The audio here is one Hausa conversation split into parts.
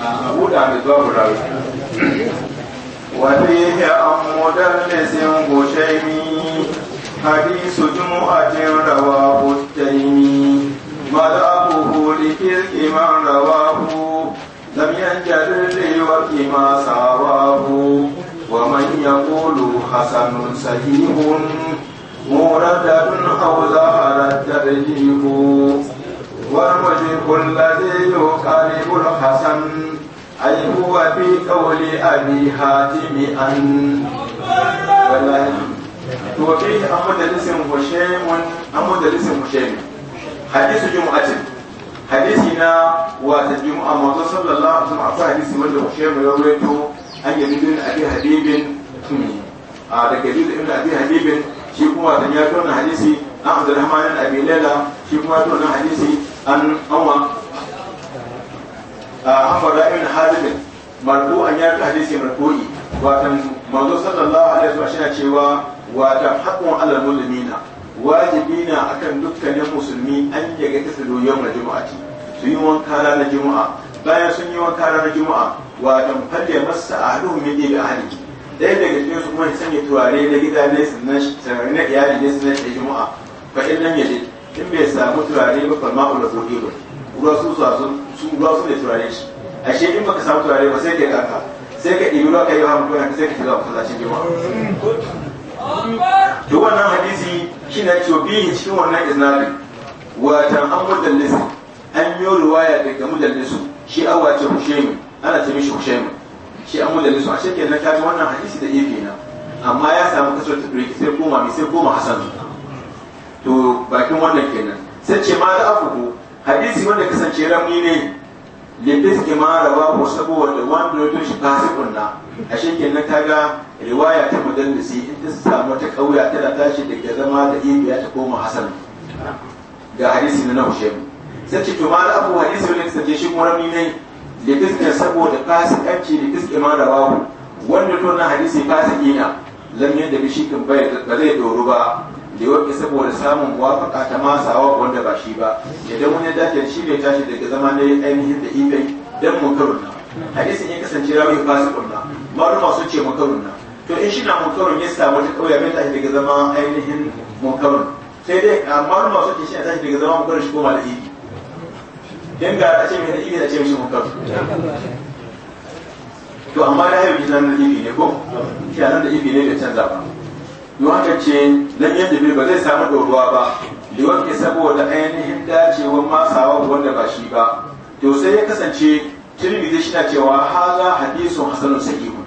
a buɗa da zuwa wani ya ammo dalmesin hushaimi hadisu jumu'atin rawa hujjaimi mada abubu likil iman rawa hu zamiyan jarirri wa kima sawa hu wa man ya kulu hasanun sahihun muradadun hau zahara jarirri والوجه الذي يقارب الحسن أي هو في قول أبي حاتم أن وفيه أمدلس هشيم أمدلس هشيم حديث جمعة حديثنا وتجمع موضوع صلى الله عليه وسلم عطى حديث من هشيم يرويته أن يزيد بن أبي حبيب a daga yadda ibn abi habibin shi kuma da ya tona hadisi an abdurrahman ibn abi laila shi kuma tona hadisi an anwa an fara ibn hadibin marfu an ya ta hadisi marfu'i watan manzo sallallahu alaihi wasallam shi cewa watan haqqun Allah mu'minina wajibi na akan dukkanin musulmi an yaga islu yawmal jumu'ati su yi wanka na juma'a bayan sun yi wanka ranar juma'a watan falle masa ahluhum min ibi ahlihi ɗaya daga cikin su kuma ya sanya turare na gida ne sannan na iyali ne sannan da juma'a fa in nan yaje in bai samu turare ba ba ma'ul rabuɗe ba ruwa su su ruwa su ne turare shi ashe in baka samu turare ba sai ka yi sai ka ɗibi ruwa ka yi hamu kuma sai ka shiga masallacin ba. to wannan hadisi shi na cewa bihi cikin wannan iznari watan an mudallisi an yi ruwaya daga mudallisu shi awa ce hushemu ana ce mishi hushemu shi an mudallisu ashe kenan kaji wannan hadisi da ifi na amma ya samu kaso ta sai koma mai sai koma hasan to bakin wannan kenan sai ce ma da afuku hadisi wanda kasance ramni ne ke ma ba ko saboda wanda ya toshi fasikun na a shekin na kaga riwaya ta mudallisi in ta samu ta kauya tana tashi daga zama da biya ta koma hasan ga hadisi na nahushem sai ce to ma da abu hadisi wanda kasance shi kuma ramni ne ke saboda fasikanci ke ma rawa wanda to na hadisi fasiki na lam yadda bi kan bai ba zai doro ba da yau saboda samun wafaka ta masawa wanda ba shi ba idan wani dace shi bai tashi daga zama ne ainihin da ibai dan munkarun nan hadisin ya kasance rawi fasikun nan maru masu ce munkarun na to in shi na makarun ya samu ta kauya bai tashi daga zama ainihin makarun sai dai maru masu ce shi na tashi daga zama makarun shi koma da ibe dan ga a ce mai da ibi a ce mishi makarun to amma da hayo nan da ibi ne ko shi nan da ibi ne bai canza ba yawanka ce nan yadda bai ba zai samu dogowa ba liwanke saboda ainihin dacewar masawa wanda ba shi ba to sai ya kasance tirmidhi shi na cewa haza hadisun hasanun sahihun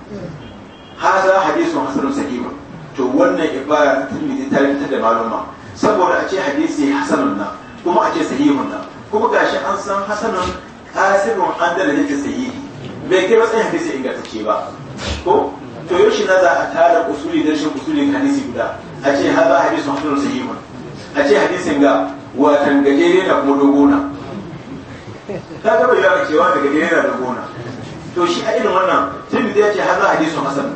haza hadisun hasanun sahihun to wannan ibara ta tirmidhi ta fitar da maluma saboda a ce hadisi hasanun na kuma a ce sahihun na kuma gashi an san hasanun kasirun an dalilin yake sahihi bai kai matsayin hadisi ingantacce ba ko to yaushe na za a tara usuli da shi usulin hadisi guda a ce haza hadisun hasan sahihun a ce hadisin ga watan gajere na kuma dogona ta gaba yawa cewa da gajere na dogona to shi a irin wannan da ya ce haza hadisi hasan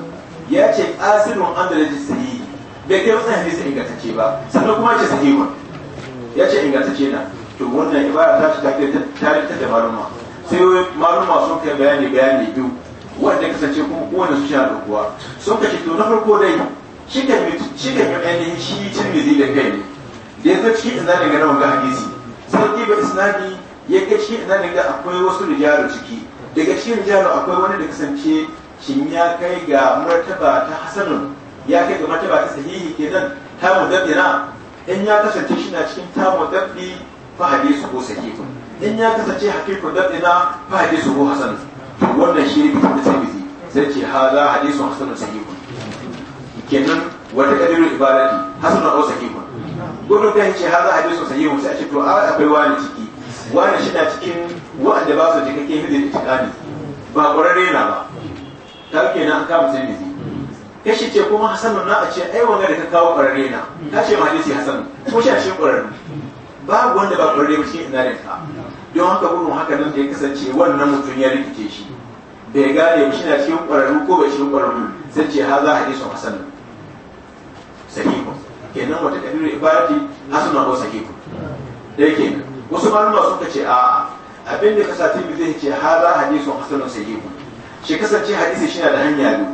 ya ce asirin an da rajin sahihi bai kai wasan hadisi ingantacce ba sannan kuma ya ce sahihun ya ce ingantacce na to wannan ibara ta ci ta ta ta da maluma sai maluma sun kai bayani bayani biyu wanda kasance kuma kowane su sha kuwa sun kashe to na farko dai shi kan yi shi kan ainihin shi tirmizi da kai ne da ya zai cikin isnadin ga nawa ga hadisi sai ba islami ya ga cikin isnadin ga akwai wasu rijalu ciki daga cikin rijalu akwai wani da kasance shin ya kai ga martaba ta hasanun ya kai ga martaba ta sahihi kenan ta mudabbina in ya kasance shi na cikin ta mudabbi fa hadisu ko sahihi in ya kasance haqiqatu dabbina fa hadisu ko hasanun wannan shi ne da sai bisi sai ce ha za hadisu hasan sahihu kenan wata kadirin ibadati hasan au sahihu gurbin kan ce ha za hadisu sahihu sai a ce to a akwai wani ciki wani shi na cikin wanda ba su cikakken hidin itikadi ba ƙwararre na ba ta kenan an kama sai bisi kashi ce kuma hasan na a ce ai wanga da ka kawo ƙwararre na ka ce ma hadisi hasan ko shi a shi ƙwararre babu wanda ba ƙwararre ba cikin inarinka don haka bugun haka nan da ya kasance wannan mutum ya rikice shi bai gane shi na cikin ƙwararru ko bai cikin ƙwararru sai ce ha za a hadisun hasan sahihu kenan wata kadiru ibadati hasuna ko sahihu da yake wasu malama sun ce a abin da kasa tibi zai ce ha za a hadisun hasan sahihu shi kasance hadisi shi na da hanya biyu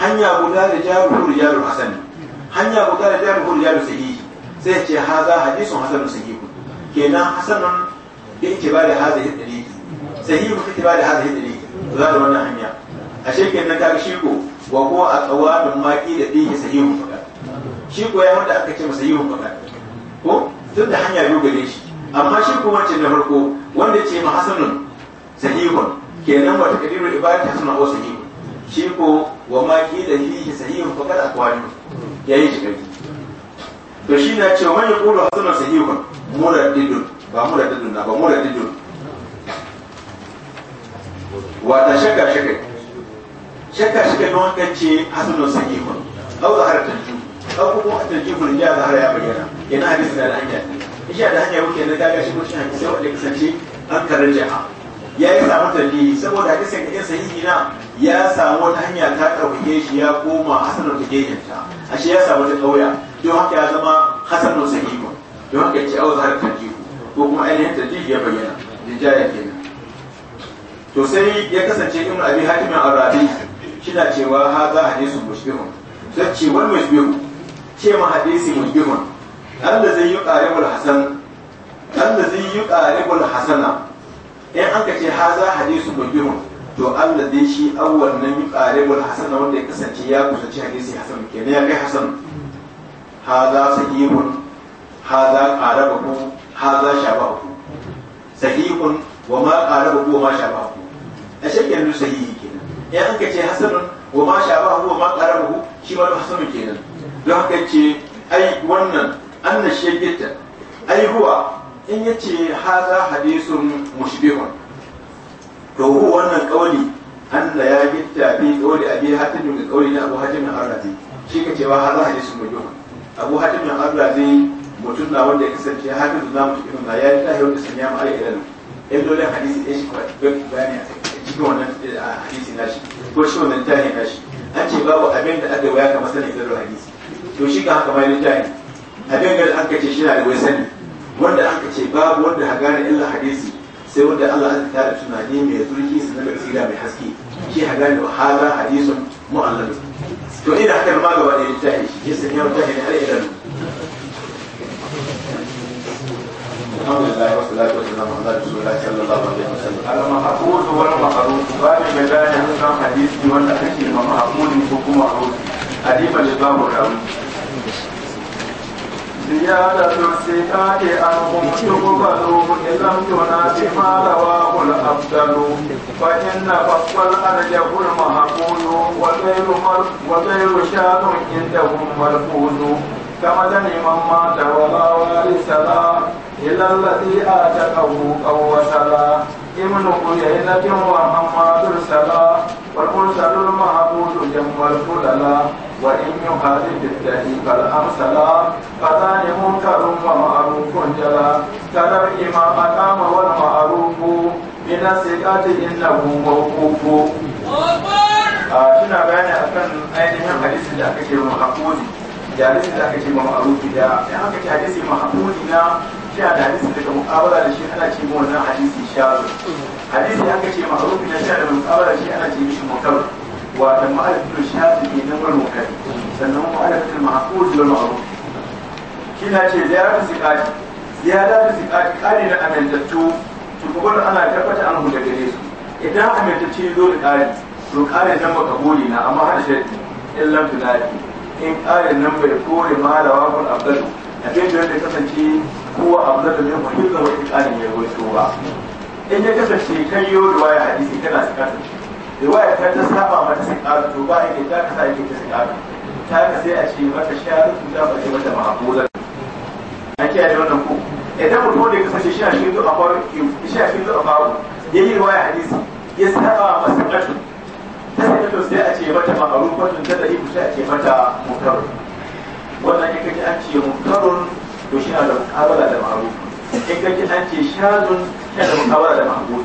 hanya guda da jaru rijalu hasan hanya guda da jaru rijalu sahihi sai ce ha za a hadisun hasan sahihu kenan hasanun bi itibari hadhihi dalili sahihu bi itibari hadhihi dalili za wannan hanya a shi ko wa ko a da shi ko ya aka ce masa sahihu fakat ko tun da hanya biyu gare shi amma shi ko wancan na farko wanda ce ma hasanun sahihun kenan wata kadiru ibadati shi ko da sahihun fakat yayi shi gari to shi na cewa man yaqulu hasanun sahihun muraddidun ba mu da didun na ba mu da didun wata shakka shakka shakka shakka don wankan ce sake sakifun au zahara tanju au kuma tanjifun ya zahara ya bayyana yana hadis da hanya sha da hanya wuke na gaga shi mutum hadisi wanda kasance an karar jaha ya yi samu tarbi saboda hadisi ka yin sahihi na ya samu wata hanya ta ɗauke shi ya koma hasan da ta ashe ya samu ta ƙauya don haka ya zama da sahihi don haka ya ce au zahara tanju ko kuma ainihin tajjid ya bayyana rijaya kenan to sai ya kasance in abi hakimin arabi na cewa ha za hadha hadithun mushbihun sai ce wal mushbihu ce ma hadisi mushbihun allazi yuqaribul hasan allazi yuqaribul hasana in an ka ce hadha hadithun mushbihun to Allah zai shi awwal nan yi qaribul wanda ya kasance ya kusanci hadisi hasan kenan ya kai hasan hadha sahihun hadha ku. haza shabahu sahihun wa ma qarabu wa ma shabahu a shekin da sahihi kenan in an kace hasanun wa ma shabahu wa ma qarabu shi ma hasanun kenan don haka ce wannan anna huwa in yace haza hadisun mushbihun to huwa wannan kauli Allah ya gitta bi kauli abi hatim da kauli na Abu Hatim al-Arrazi shi ka haza Abu mutum na wanda ya kasance hafizu na mutum irin na ya yi tahi wanda sun yamma ala ɗan dole hadisi ɗaya shi bayani a cikin wannan eh, hadisi na shi ko shi wannan na shi an ce babu abin da aka waya kamar sanin zarar hadisi to shi ka haka ma yi tahi abin da aka ce shi na da wai sani wanda aka ce babu wanda ha gane illa hadisi sai wanda Allah ya da tunani mai zurfi su da tsira mai haske shi ha gane wa hada hadisin mu'allal to ina haka ma gaba da littafi shi sai ya mutahi ne har ilal الحمد لله والصلاة والسلام على رسول الله صلى الله عليه وسلم. المحفوظ والمخلوق باب بلاد حسن حديث والأخير المحفوظ حكم معروف حديث الإمام الراوي. زيادة الصفات عنهم تقبل إن لم تنافي ما رواه الأفضل فإن فصل الأرجح المحفوظ وغير وغير شان عندهم مرفوض كمدن من مات ولا وارث له إلى الذي آتته أوسلا إلى قيينة وحماد سلا والمرسل المعبود جم الفللا وإن يخالف الدهي فالأمثلا فذان منكر ومعروف جلا ترى الإمام أقام والمعروف من الثقة إنه موقوف suna bayani akan ainihin hadisin da aka ce wa da hadisin da aka ce da hadisi na shi da hadisi daga muqabala da shi ana ce ma wannan hadisi sharu hadisi aka ce ma'rufi da shi da muqabala shi ana ce mishi mukar wa da ma'arifatul shafi ne nan wani mukar sannan ma'arifatul ma'qul wal ma'ruf kina ce ziyarar zikati ziyarar zikati kare na amintattu shugaban ana tabbata an huta gare su idan amintacce zo da kare to kare nan baka gode na amma har shari'a in lam tunadi in kare nan bai kore ma da wakul abdalu abin da ya kasance kowa abu da zai fahimta wa ikanin ya rawaito ba in ya kasance kai yau riwaya hadisi kana sikatu riwaya ta ta saba mata sikatu to ba yake ta kasa yake ta sikatu ta ka sai a ce mata sharutu ta ce mata mahabuzan an kiyaye wannan ko idan mutum da ya kasance shi a shi zuwa faru shi a shi zuwa faru ya yi riwaya hadisi ya saba masa sikatu ta sai sai a ce mata maharufatun ta da ibu sai a ce mata mutarru wannan in ce an ce munkarun to shi na da mukabala da ma'ruf in ce an ce shazun shi na da mukabala da ma'ruf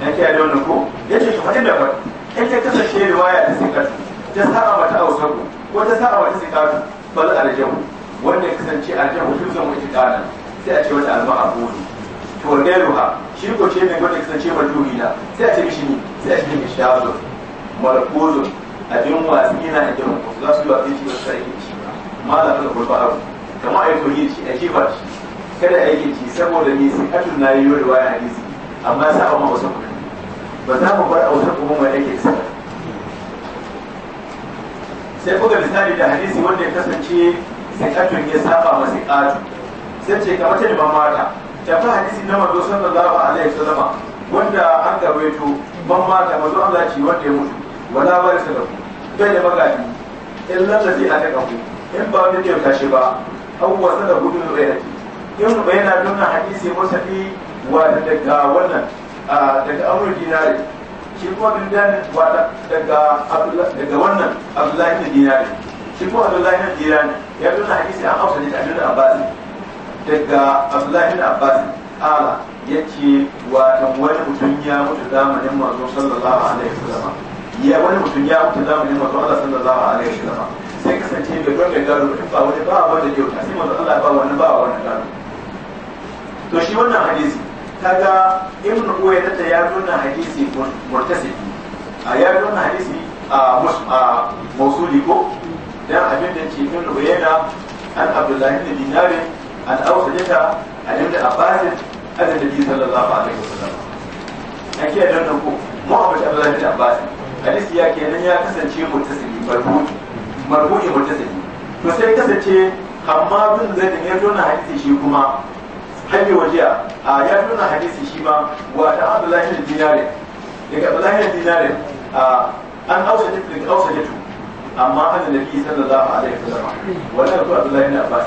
na kiyaye da wannan ko yace shi wani da wani in ta kasance riwaya da sikar ta sa'a mata ausabu ko ta sa'a mata sikatu bal aljahu wanda kasance a aljahu shi zan ita kana sai a ce wata a maruf to gairuha shi ko ce mai wanda kasance majuhi na sai a ce mishi ni sai a ce mishi shazun malakuzun abin watsi na da jahu za su yi watsi shi wasu sai malamin gurba abu kama a yi koyi ci a kifa shi kada a yi ci saboda ni sai atun na yi yau da hadisi amma sa ba ma wasu kuma ba za mu bar a wasu kuma mai ake sa sai kuka misali da hadisi wanda ya kasance sai atun ya saba masu ƙatu sai ce kamar ta liman mata tafi hadisi na mazo sallallahu alaihi wasallam wanda an garwaito ban mata mazo Allah ci wanda ya mutu wala ba da salafu bai da magaji illa lazi a ta kafu in ba mu kyauta shi ba abubuwa wasa da gudun rai yau ba yana nuna hadisi musafi wa daga wannan daga amur dinari shi kuma bin dinari wa daga wannan abdullahi na dinari shi kuma abdullahi na dinari ya nuna hadisi an hausa ne da abdullahi daga abdullahi na abbasi ala ya ce wata wani mutum ya mutu zamanin mazo sallallahu alaihi wasallam ya wani mutum ya mutu zamanin mazo sallallahu alaihi wasallam sai kasance da bar mai gado ba wani ba wanda ke wuta sai manzo Allah ba wani ba wani gado to shi wannan hadisi ta ga ibn uwaynata ya nuna hadisi murtasibi a ya nuna hadisi a mausuli ko dan abin da ke ibn uwayna an abdullahi bin dinar an awsajata an ibn abbas an nabi sallallahu alaihi wasallam ake nan ko mu abu abdullahi bin abbas hadisi ya kenan ya kasance murtasibi barbuti marfu'i muttasili to sai kasance hammadun zaidin ya tona hadisi shi kuma hajji wajiya a ya tona hadisi shi ma wa ta abdullahi bin dinare daga abdullahi bin dinare an hausa daga hausa to amma hada nabi sallallahu alaihi wasallam wannan ko abdullahi bin abbas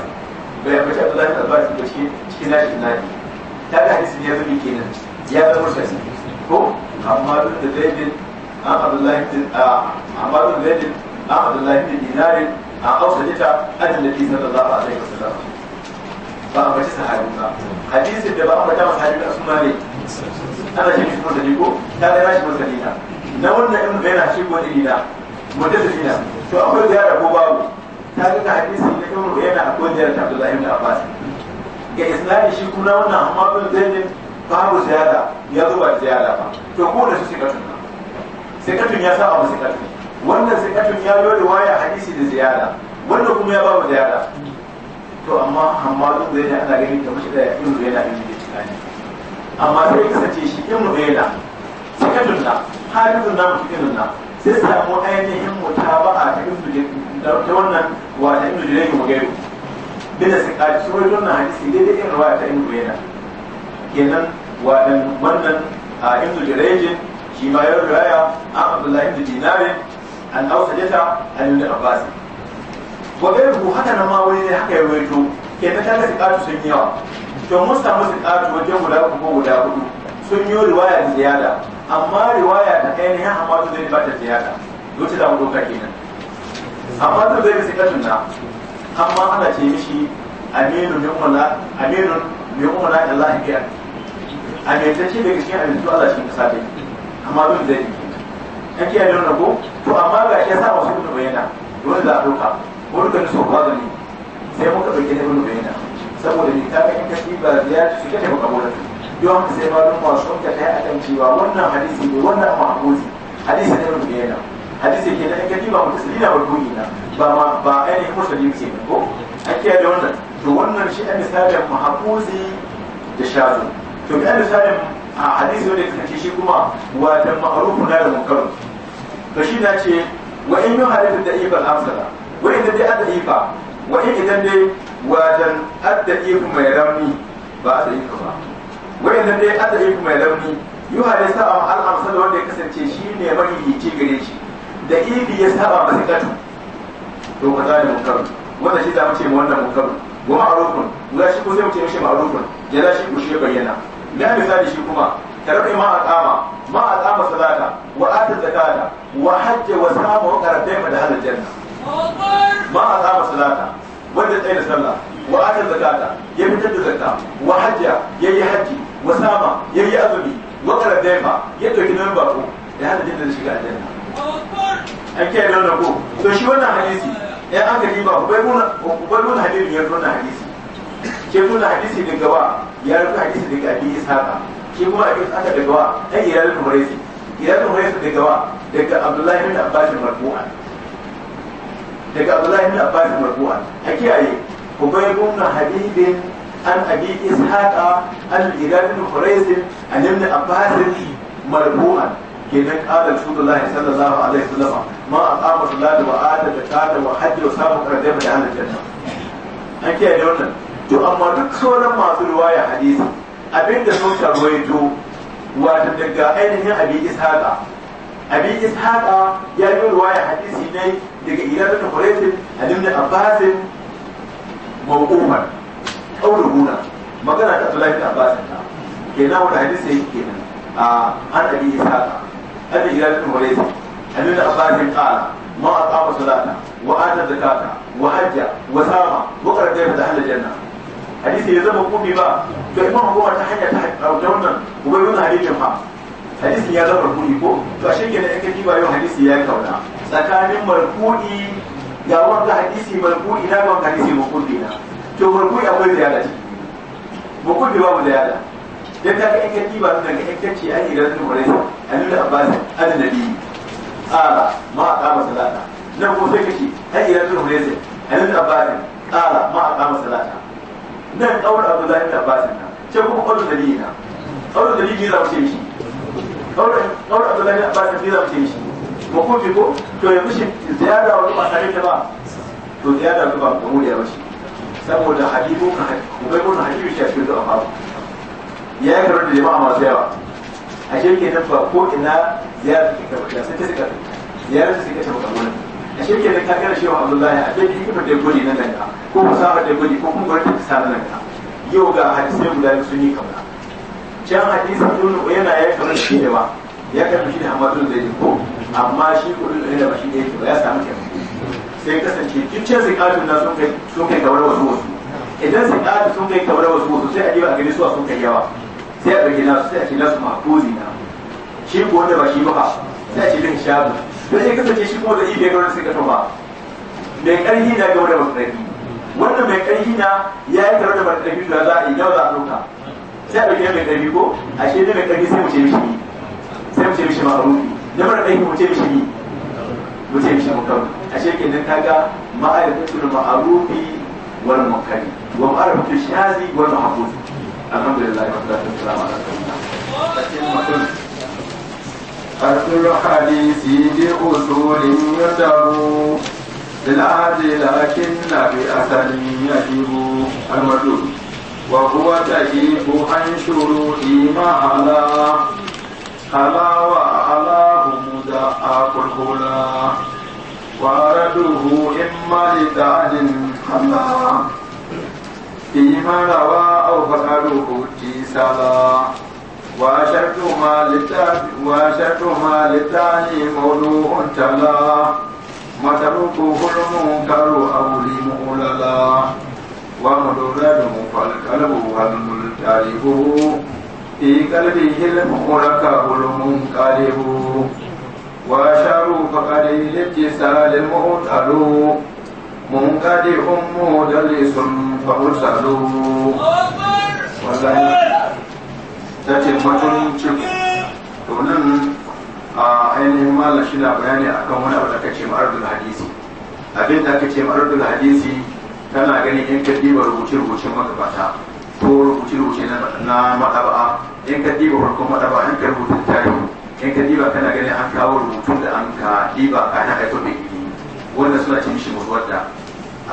bai ambaci abdullahi bin abbas ba shi cikin nashi nashi ta da hadisi ya zubi kenan ya zama sai ko amma bin da zaidin a abdullahi bin amma bin da dai عن عبد الله بن دينار عن أوسطة عن النبي صلى الله عليه وسلم فأما جس حديثا حديث الدباء ما جمع حديث أسماء لي أنا جميع شكو سليكو كان يراش مسلينا نولنا إن بين شكو إلينا مدسلينا شو أقول يا ربو باو تاريخ حديث لكم وين أقول يا عبد الله بن عباس كإسلام شكو نونا حمام الزين babu ziyara ya zo ba ziyara ba to ko da su sai ka tuna sai ka tun ya sa abu sai ka tuna wannan sikatun ya yi waya hadisi da ziyara wannan kuma ya ba mu ziyara to amma hammadu da yana ana gani kamar shi da yin yana gani da tunani amma sai ya sace shi in mu yana sikatun na hadisun na mutum na sai samu ainihin mu ta ibnu da wannan wa ta ibnu da yake magana bin sikati shi wani wannan hadisi daidai in ruwa ta ibnu yana kenan wannan wannan a ibnu jirejin shi ma ya riwaya a abdullahi ibnu dinarin an ausadata an yi abbas wa bu haka na ma wani ne haka ya waito ke ta kaga ƙatu sun yawa to mun samu ƙatu wajen guda uku ko guda hudu sun yi riwaya da ziyada amma riwaya ta hama hamadu zai ba ta ziyada wuce da mu ka kenan amma zai zai sikatun na amma ana ce mishi aminu min mala aminu min mala Allah ya da daga a yanzu Allah cikin kasa ta amma zai zai na kiyaye don ko to amma ga shi ya sa wasu ibnu bayyana dole za a ɗauka ko duka ni sofa da ni sai muka ɗauki na ibnu bayyana saboda ni ta ga in ka ɗiba ziyarci su ka taimaka wurin don sai ma don masu ka kai a kan cewa wannan hadisi ne wannan ma'amuzi hadisi ne ibnu bayyana hadisi ke nan in ka ɗiba mutasili na barkuni na ba ma ba ainihin musulmi ce ne ko a kiyaye da wannan to wannan shi a misalin mahafuzi da shazo to ga misalin a hadisi wanda ya kasance shi kuma wa da ma'arufu na da munkaru to shi na ce wa in yi halittar da ifan amsala wa in dai adda ifa wa in idan dai wajen adda ifa mai rauni ba adda ifa ba wa in dai adda ifa mai rauni yi halitta a al'amsala wanda ya kasance shi ne mahihici gare shi da ibi ya saba masu katu to ka zane mukaru wanda shi za mu ce mu wannan mukaru wa ma'arufun za shi ko sai mu ce mishi ma'arufun ya za shi ku shi bayyana na misali shi kuma karbi ma atama ma atama sadaka wa ata zakata wa hajja wa sama wa karbe ma da halal janna ma salata, sadaka wa da sallah wa ata zakata ya fitar da zakka wa hajja ya yi haji wa sama ya yi azumi wa karbe ma ya ɗauki nan ba ko da halal janna da shiga janna ake nan da ko to shi wannan hadisi ɗaya an gani ba bai nuna bai nuna hadisi ya nuna hadisi ke nuna hadisi daga gaba ya nuna hadisi daga abin isaka shi kuma a abin aka daga wa ta iyalin humresi iyalin humresi daga wa daga abdullahi bin abbas marfu'a daga abdullahi bin abbas marfu'a a kiyaye ubay ibn hadidin an abi ishaqa al iyalin humresi an ibn abbas marfu'a kenan qala rasulullahi sallallahu alaihi wasallam ma aqama salata wa ata zakata wa hajja wa sabu qadama da aljanna an kiyaye wannan to amma duk sauran masu riwaya hadisi abinda sun karwaito wato daga ainihin abi ishaqa abi ishaqa ya yi ruwaya hadisi ne daga iyalin huraitin alim da abbasin mawqufan qawluhuna magana ta Abdullahi da basin ta kenan wani hadisi yake kenan a an abi ishaqa an iyalin a alim da abbasin qala ma aqama salata wa da zakata wa hajja wa sama wa qarada fi ahlil jannah hadisi ya zama kubi ba to imam goma ta hanya ta wannan ubai wannan hadisin fa hadisin ya zama kubi ko to a shege da yake kiba yau hadisi ya kauna tsakanin marfu'i ga wanda hadisi marfu'i na ga hadisi makubi na to marfu'i akwai ziyada ce makubi babu ziyada dan ta ga yake kiba da ga ake ce ai da zuwa rai annabi abbas annabi ala ma aqama salata nan ko sai kace ai da zuwa rai annabi abbas ala ma aqama salata nan kawar abu da ba ta ce kuma kawar dalili na kawar dalili za mu ce shi kawar abu da abbasin za mu ce shi makofi ko to ya fushi ziyara wani ba tare da ba to ziyara ku ba kuma ya bashi saboda hadibu ka bai ko hadibu shi a cikin zuwa babu ya yi karo da jama'a masu yawa a shi ke ko ina ziyara ke ta sai ta suka ziyara ta suka taɓa ta shi ke da kakar shi wa abdullahi a cikin kuma da gudi na danka ko fasahar da gudi ko kuma da ta sa na danka yau ga hadisai guda sun yi kamar can hadisi ibn yana ya kamar shi da ba ya karbi shi da hamadun da ya ko amma shi ko da ya ba shi da yake ba ya samu kyau sai kasance duk sai zikatun na sun kai sun kai kamar wasu wasu idan zikatun sun kai kamar wasu wasu sai a yi a gani su sun kai yawa sai a ɗauki su sai a su ma makuzi na shi ko wanda ba shi ba sai a ce bin shabu da shi kasance shi kuma da ibe ga wani suka mai karfi na game da matsarki wannan mai karfi na ya yi tare da matsarki da za a yi yau za a ɗauka sai a ɗauke mai karfi ko a shi ne mai karfi sai mu ce mishi sai mu ce mishi na mara karfi mu ce mishi ni mu ce mishi mukam a shi ke nan kaga ma'aikatul ma'arufi wal mukari wa ma'arufi shazi wal mahabbuti alhamdulillah wa salatu wa salam ala sayyidina أتل الحديث بأصول يدر للعدل لكن بأثر يجب المدود وهو تجيب عن شروط ما على على وعلاه مدعاق الهلا وأرده إما لتعد حلا فيما روى أو فعله تيسلا وأشرتما وأشرتما للتاني موضوع تلا متروكه المنكر أو لمؤللا ومدرده فالقلب والملتعب في قلبه المؤلك المنقلب وأشروا فقد الاتصال المؤتل منقطع مدلس فأرسلوا والله ta ce matun cif to nan a ainihin malam shi na bayani kan wani abu da ce ma'ardul hadisi abin da ce ma'ardul hadisi tana ganin in ka diba rubuce-rubucen magabata ko rubuce-rubuce na madaba in ka diba farkon madaba in ka rubuta tarihi in ka diba kana ganin an kawo rubutun da an ka diba ka na haifar da ilimi wanda suna ce mishi da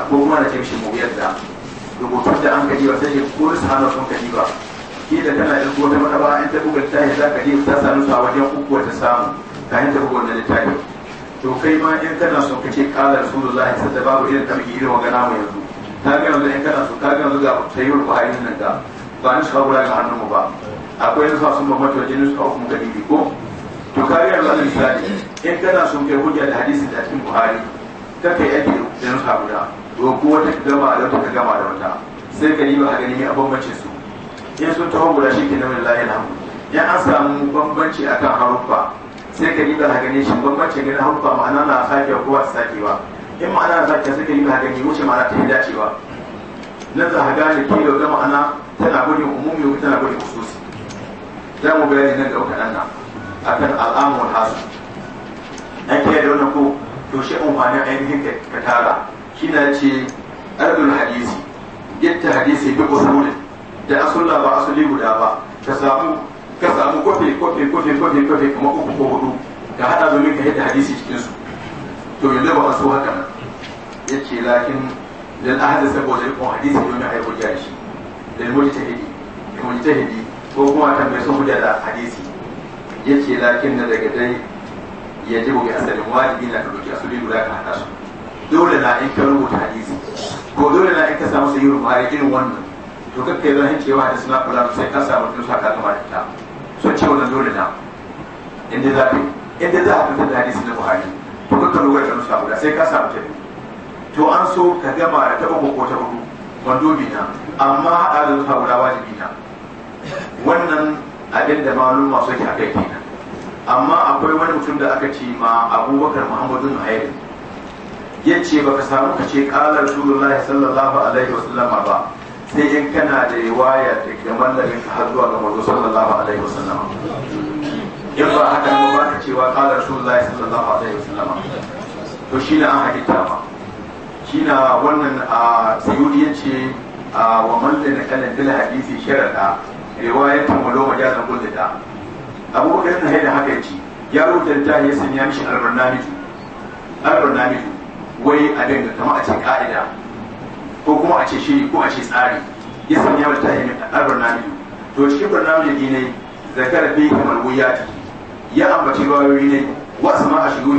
a kuma na ce mishi yadda rubutun da an ka diba sai ko da hana sun ka diba kila tana da wata madaba in ta buga ta za ka iya ta samu sa wajen uku ta samu ta ta buga wannan littafi to kai ma in kana so ka ce kala rasulullahi sadda babu irin tarki irin wa gana mu yanzu ta ga yanzu in kana so ka ga yanzu ga sayyid buhari nan da ba ni shawo ga hannu mu ba akwai nufa sun bambanta wajen su hukum da bibi ko to ka ga yanzu misali in kana so kai hujja da hadisi da cikin buhari ta kai yake da nufa guda to ko wata gama da wata gama da wata sai ka yi ba a ni ya bambance su in sun taho guda shi ke nan layin na ya an samu bambanci akan haruffa sai ka yi da hagani shi bambanci ganin haruffa ma'ana na sake ko ba sake ba in ma'ana na sake ka yi da hagani wuce ma'ana ta yi dacewa na za da ke kilo ga ma'ana tana gudun umumi ko tana gudun hususi za mu bayani nan ga kaɗan nan a akan al'amun hasu an kiyaye da wannan ko to shi amfanin ainihin ka tara shi na ce ardul hadisi yadda hadisi bi usulin da an sunna ba asali guda ba ka samu ka samu kofi kofi kofi kofi kofi kamar uku ko hudu ka hada domin ka yadda hadisi cikin su to yanzu ba so haka nan ce lakin dan ahad saboda ko hadisi domin ai hujja shi dan mujtahidi dan mujtahidi ko kuma kan mai so hujja da hadisi yace lakin na daga dai yajibu bi asalin wajibi la ka doki asali guda ka hada su dole na in ka rubuta hadisi ko dole na in ka samu sayyid buhari irin wannan to kakka yi zahin cewa da suna kula sai ka samu tun saka gama da ta so ce wannan dole na inda za ka inda za ka da hadisi na buhari to kakka lura da nusa guda sai ka samu ta to an so ka gama da ta ko ta hudu wando bi na amma hada da nusa guda wajibi na wannan abin da malum masu yake akai kenan amma akwai wani mutum da aka ce ma abubakar muhammadu nuhairu ya ce baka samu ka ce ƙalar rasulullahi sallallahu alaihi wasallam ba sai in kana da riwaya ke mallamin ka har zuwa ga manzo sallallahu alaihi sallama. in ba haka ba ka cewa qala rasulullahi sallallahu alaihi sallama. to shi na an hakita ba shi na wannan a tsayuri ya ce a wa mallamin kalan dila hadisi sharada riwayatan ta majazan kullata abu da na haida haka ce ya rubuta ta ya sanya mishi albarnamiju barnamiju wai abin da kama a ce ka'ida ko kuma a ce shiri ko a ce tsari ya sanya wata yin biyu to cikin barnami ne zakara fi kamar wuyati ya ambaci bayoyi ne wasu ma a shigo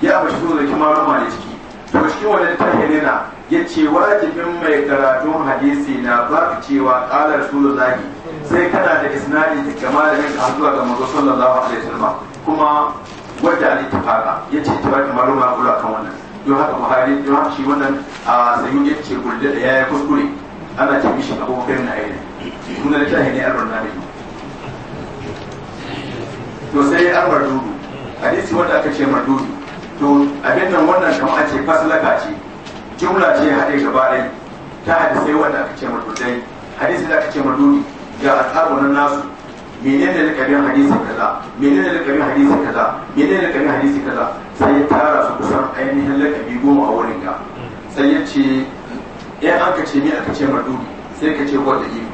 ya ambaci so da ma roma ne ciki to cikin wani littafi ne na ya ce wajibin mai karatun hadisi na ba cewa kalar rasulu zagi sai kana da isnadi ga malamin ka zuwa ga manzo sallallahu alaihi wasallam kuma wajen wadda al-ittifaqa yace tabbata maluma a kan wannan don haka buhari don haka shi wannan a sayin ya ce kulle da ya kuskure ana ce mishi ko na aini Mun da shi ne arwar nabi to sai ya arwar dudu hadisi wanda aka ce mardudu to abin nan wannan kamar a ce fasalaka ce jumla ce haɗe gaba dai ta sai wanda aka ce mardudai hadisi da aka ce mardudi ga al'amuran nasu menene da kabin hadisi kaza menene da kabin hadisi kaza menene da kabin hadisi kaza sai ya tara su kusan ainihin lakabi goma a wurin ga sai ya ce in an ka ce mi aka ce mardudi sai ka ce ko da ifi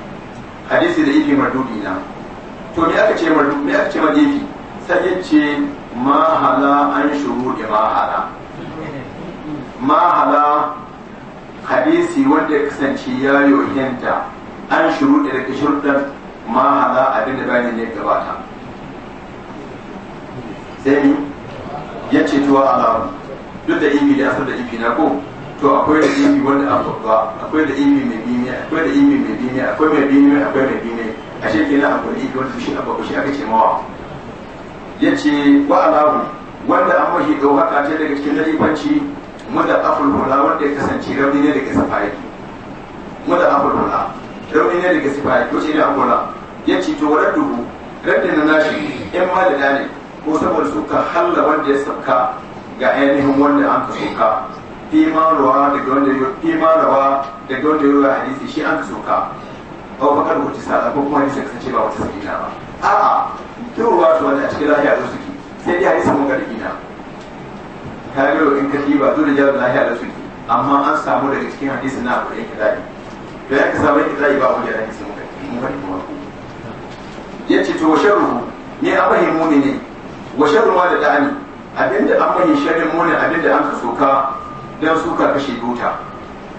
hadisi da ifi mardudi na to mi aka ce mardudi mi aka ce madifi sai ya ce ma hala an shuru da ma hala ma hala hadisi wanda ya kasance ya yohinta an shuru da daga shurɗar ma hala abinda bayan ya gabata sai ya ce tuwa um, alamu duk da imi da asar da imi na ko to akwai da imi wanda a babba akwai da imi mai bini akwai da imi mai bini akwai mai bini akwai mai bini a shi kenan akwai imi wanda shi abu shi aka ce mawa ya ce wa alamu wanda an mashi ɗaukaka ce daga cikin lalibanci muda aful hula wanda ya kasance rauni ne daga mu muda aful hula rauni ne daga sifayi ko ce ne a hula ya ce to wadda dubu na nashi in ma da dalil ko saboda suka halla wanda ya sabka ga ainihin wanda an ka soka iman rawa daga wanda ya iman rawa daga wanda ya hadisi shi an ka sauka ba ba kar wuce sada ko kuma hadisi kasance ba wata sabina ba a'a duk ba su wanda a cikin lafiya da suke sai dai hadisi mun ga na ta biyo in ka diba dole jawab lafiya da suke amma an samu daga cikin hadisi na abu da yake dadi da yake samu yake dadi ba wanda hadisi mun ga mun garbi ya ce to sharru ne abahin mumini wa sharruwa da da'ani abinda an mahi sharrin muni abinda an ka soka don suka kashe buta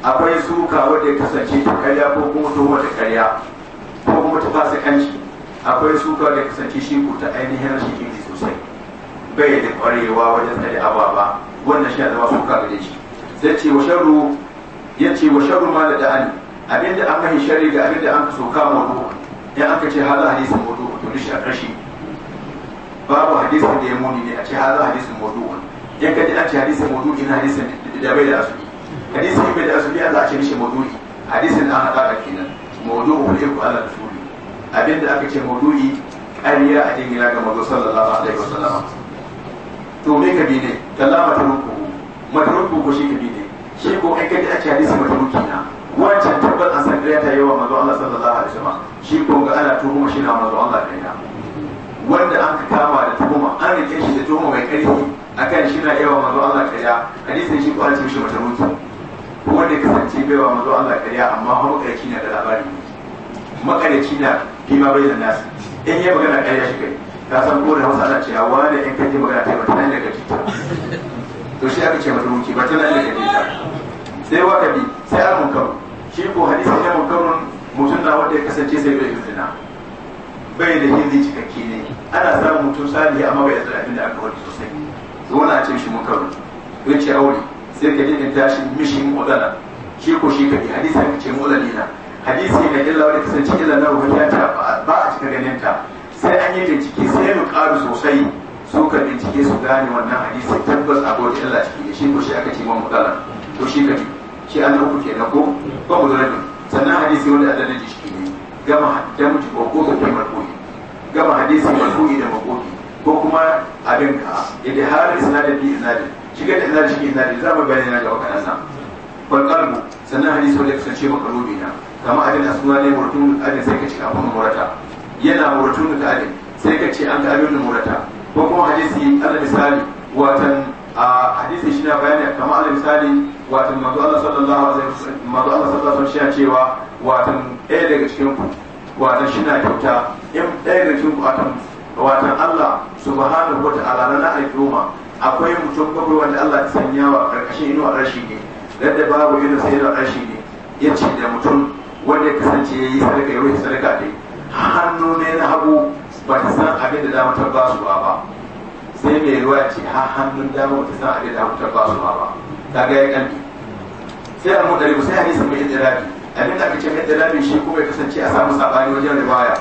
akwai suka wadda ya kasance ta karya ko kuma tuhuma da karya ko kuma ta fasikanci akwai suka da kasance shi ko ta ainihin rashin kirki sosai bai da kwarewa wajen tsare ababa wannan shi zama suka gare shi sai ce wa sharru ya ce wa da da'ani abinda an mahi sharri ga an ka soka mawdu in aka ce hada hadisin mawdu to shi a karshe babu hadisin da ya muni ne a ce haza hadisin mawdu'un yan kaji a ce hadisin mawdu'i na hadisin da bai da asuli hadisin bai da asuli a za a ce mishi mawdu'i hadisin na haɗa da kenan mawdu'u ne ku ala rasuli abinda aka ce mawdu'i ƙarya a jingina ga mazo sallallahu alaihi wasallam to me kabi bi ne kallama turuku maturuku ko shi kabi ne shi ko kai kaji a ce hadisin maturuki wancan tabbas an san ta yawa mazo Allah sallallahu alaihi wasallam shi ko ga ana tuhuma shi na mazo Allah kaina wanda an ka kama da tuhuma an rike shi da tuhuma mai karfi akan shi na yawa manzo Allah kariya hadisin shi kwanci shi mata mutu wanda kasance bai wa manzo Allah kariya amma har makarici na da labari makarici na kima bai da nasu in yi magana kariya shi kai ka san ko da Hausa ana cewa wanda in kaje magana ta mata nan daga cikin to shi aka ce mata mutu ba ta nan daga kita sai wakabi sai mun munkar shi ko hadisin ya munkarun mutum na wanda ya kasance sai bai zina bai da hilli cikakke ne ana samun mutum salihi amma bai da abin da aka wani sosai zuwa cin shi muka ya ce aure sai ka jikin tashi mishi mu'udana shi ko shi kaɗi hadisi ka ce mu'udani na hadisi na illa wani kasance illa na ruhaniya ta ba a cika ganin ta sai an yi bincike sai mu ƙaru sosai su ka bincike su gane wannan hadisi tabbas a gode illa ciki da shi ko shi aka ce wa mu'udana ko shi kaɗi shi an rubuta na ko ba mu zanen sannan hadisi wanda shi ke. gama damji ko da makoki gama hadisi makoki da makoki ko kuma abin ka yadda har isnadin bi isnadin shiga da isnadin shi isnadin za mu bayani na gaba kana sa kalmu sannan hadisi wanda kusance kasance makarobi na kama adin asuna ne wurtun adin sai ka ci abin murata yana wurtun da adin sai ka ce an ga abin da murata ko kuma hadisi alal misali watan a hadisi shi na bayani kama alal misali wato manzo Allah sallallahu alaihi wasallam manzo Allah sallallahu alaihi wasallam cewa wato ɗaya daga cikin ku wato shi na kyauta in ɗaya daga cikin ku a akan wato Allah subhanahu wa ta'ala na al'umma akwai mutum bakwai wanda Allah ta sanya wa ƙarƙashin inuwa rashi ne da babu irin sai da rashi ne Ya ce da mutum wanda ya kasance ya yi sadaka ya wuce sadaka dai hannu ne na hagu ba ta san abin da damar ta ba su ba sai mai ruwa ce ha hannun damar ta san abin da damar ta ba su ba kaga ya kanki sai a mudari sai hadisi mai itirabi abin da aka cewa mai itirabi shi ko bai kasance a samu sabani wajen riwaya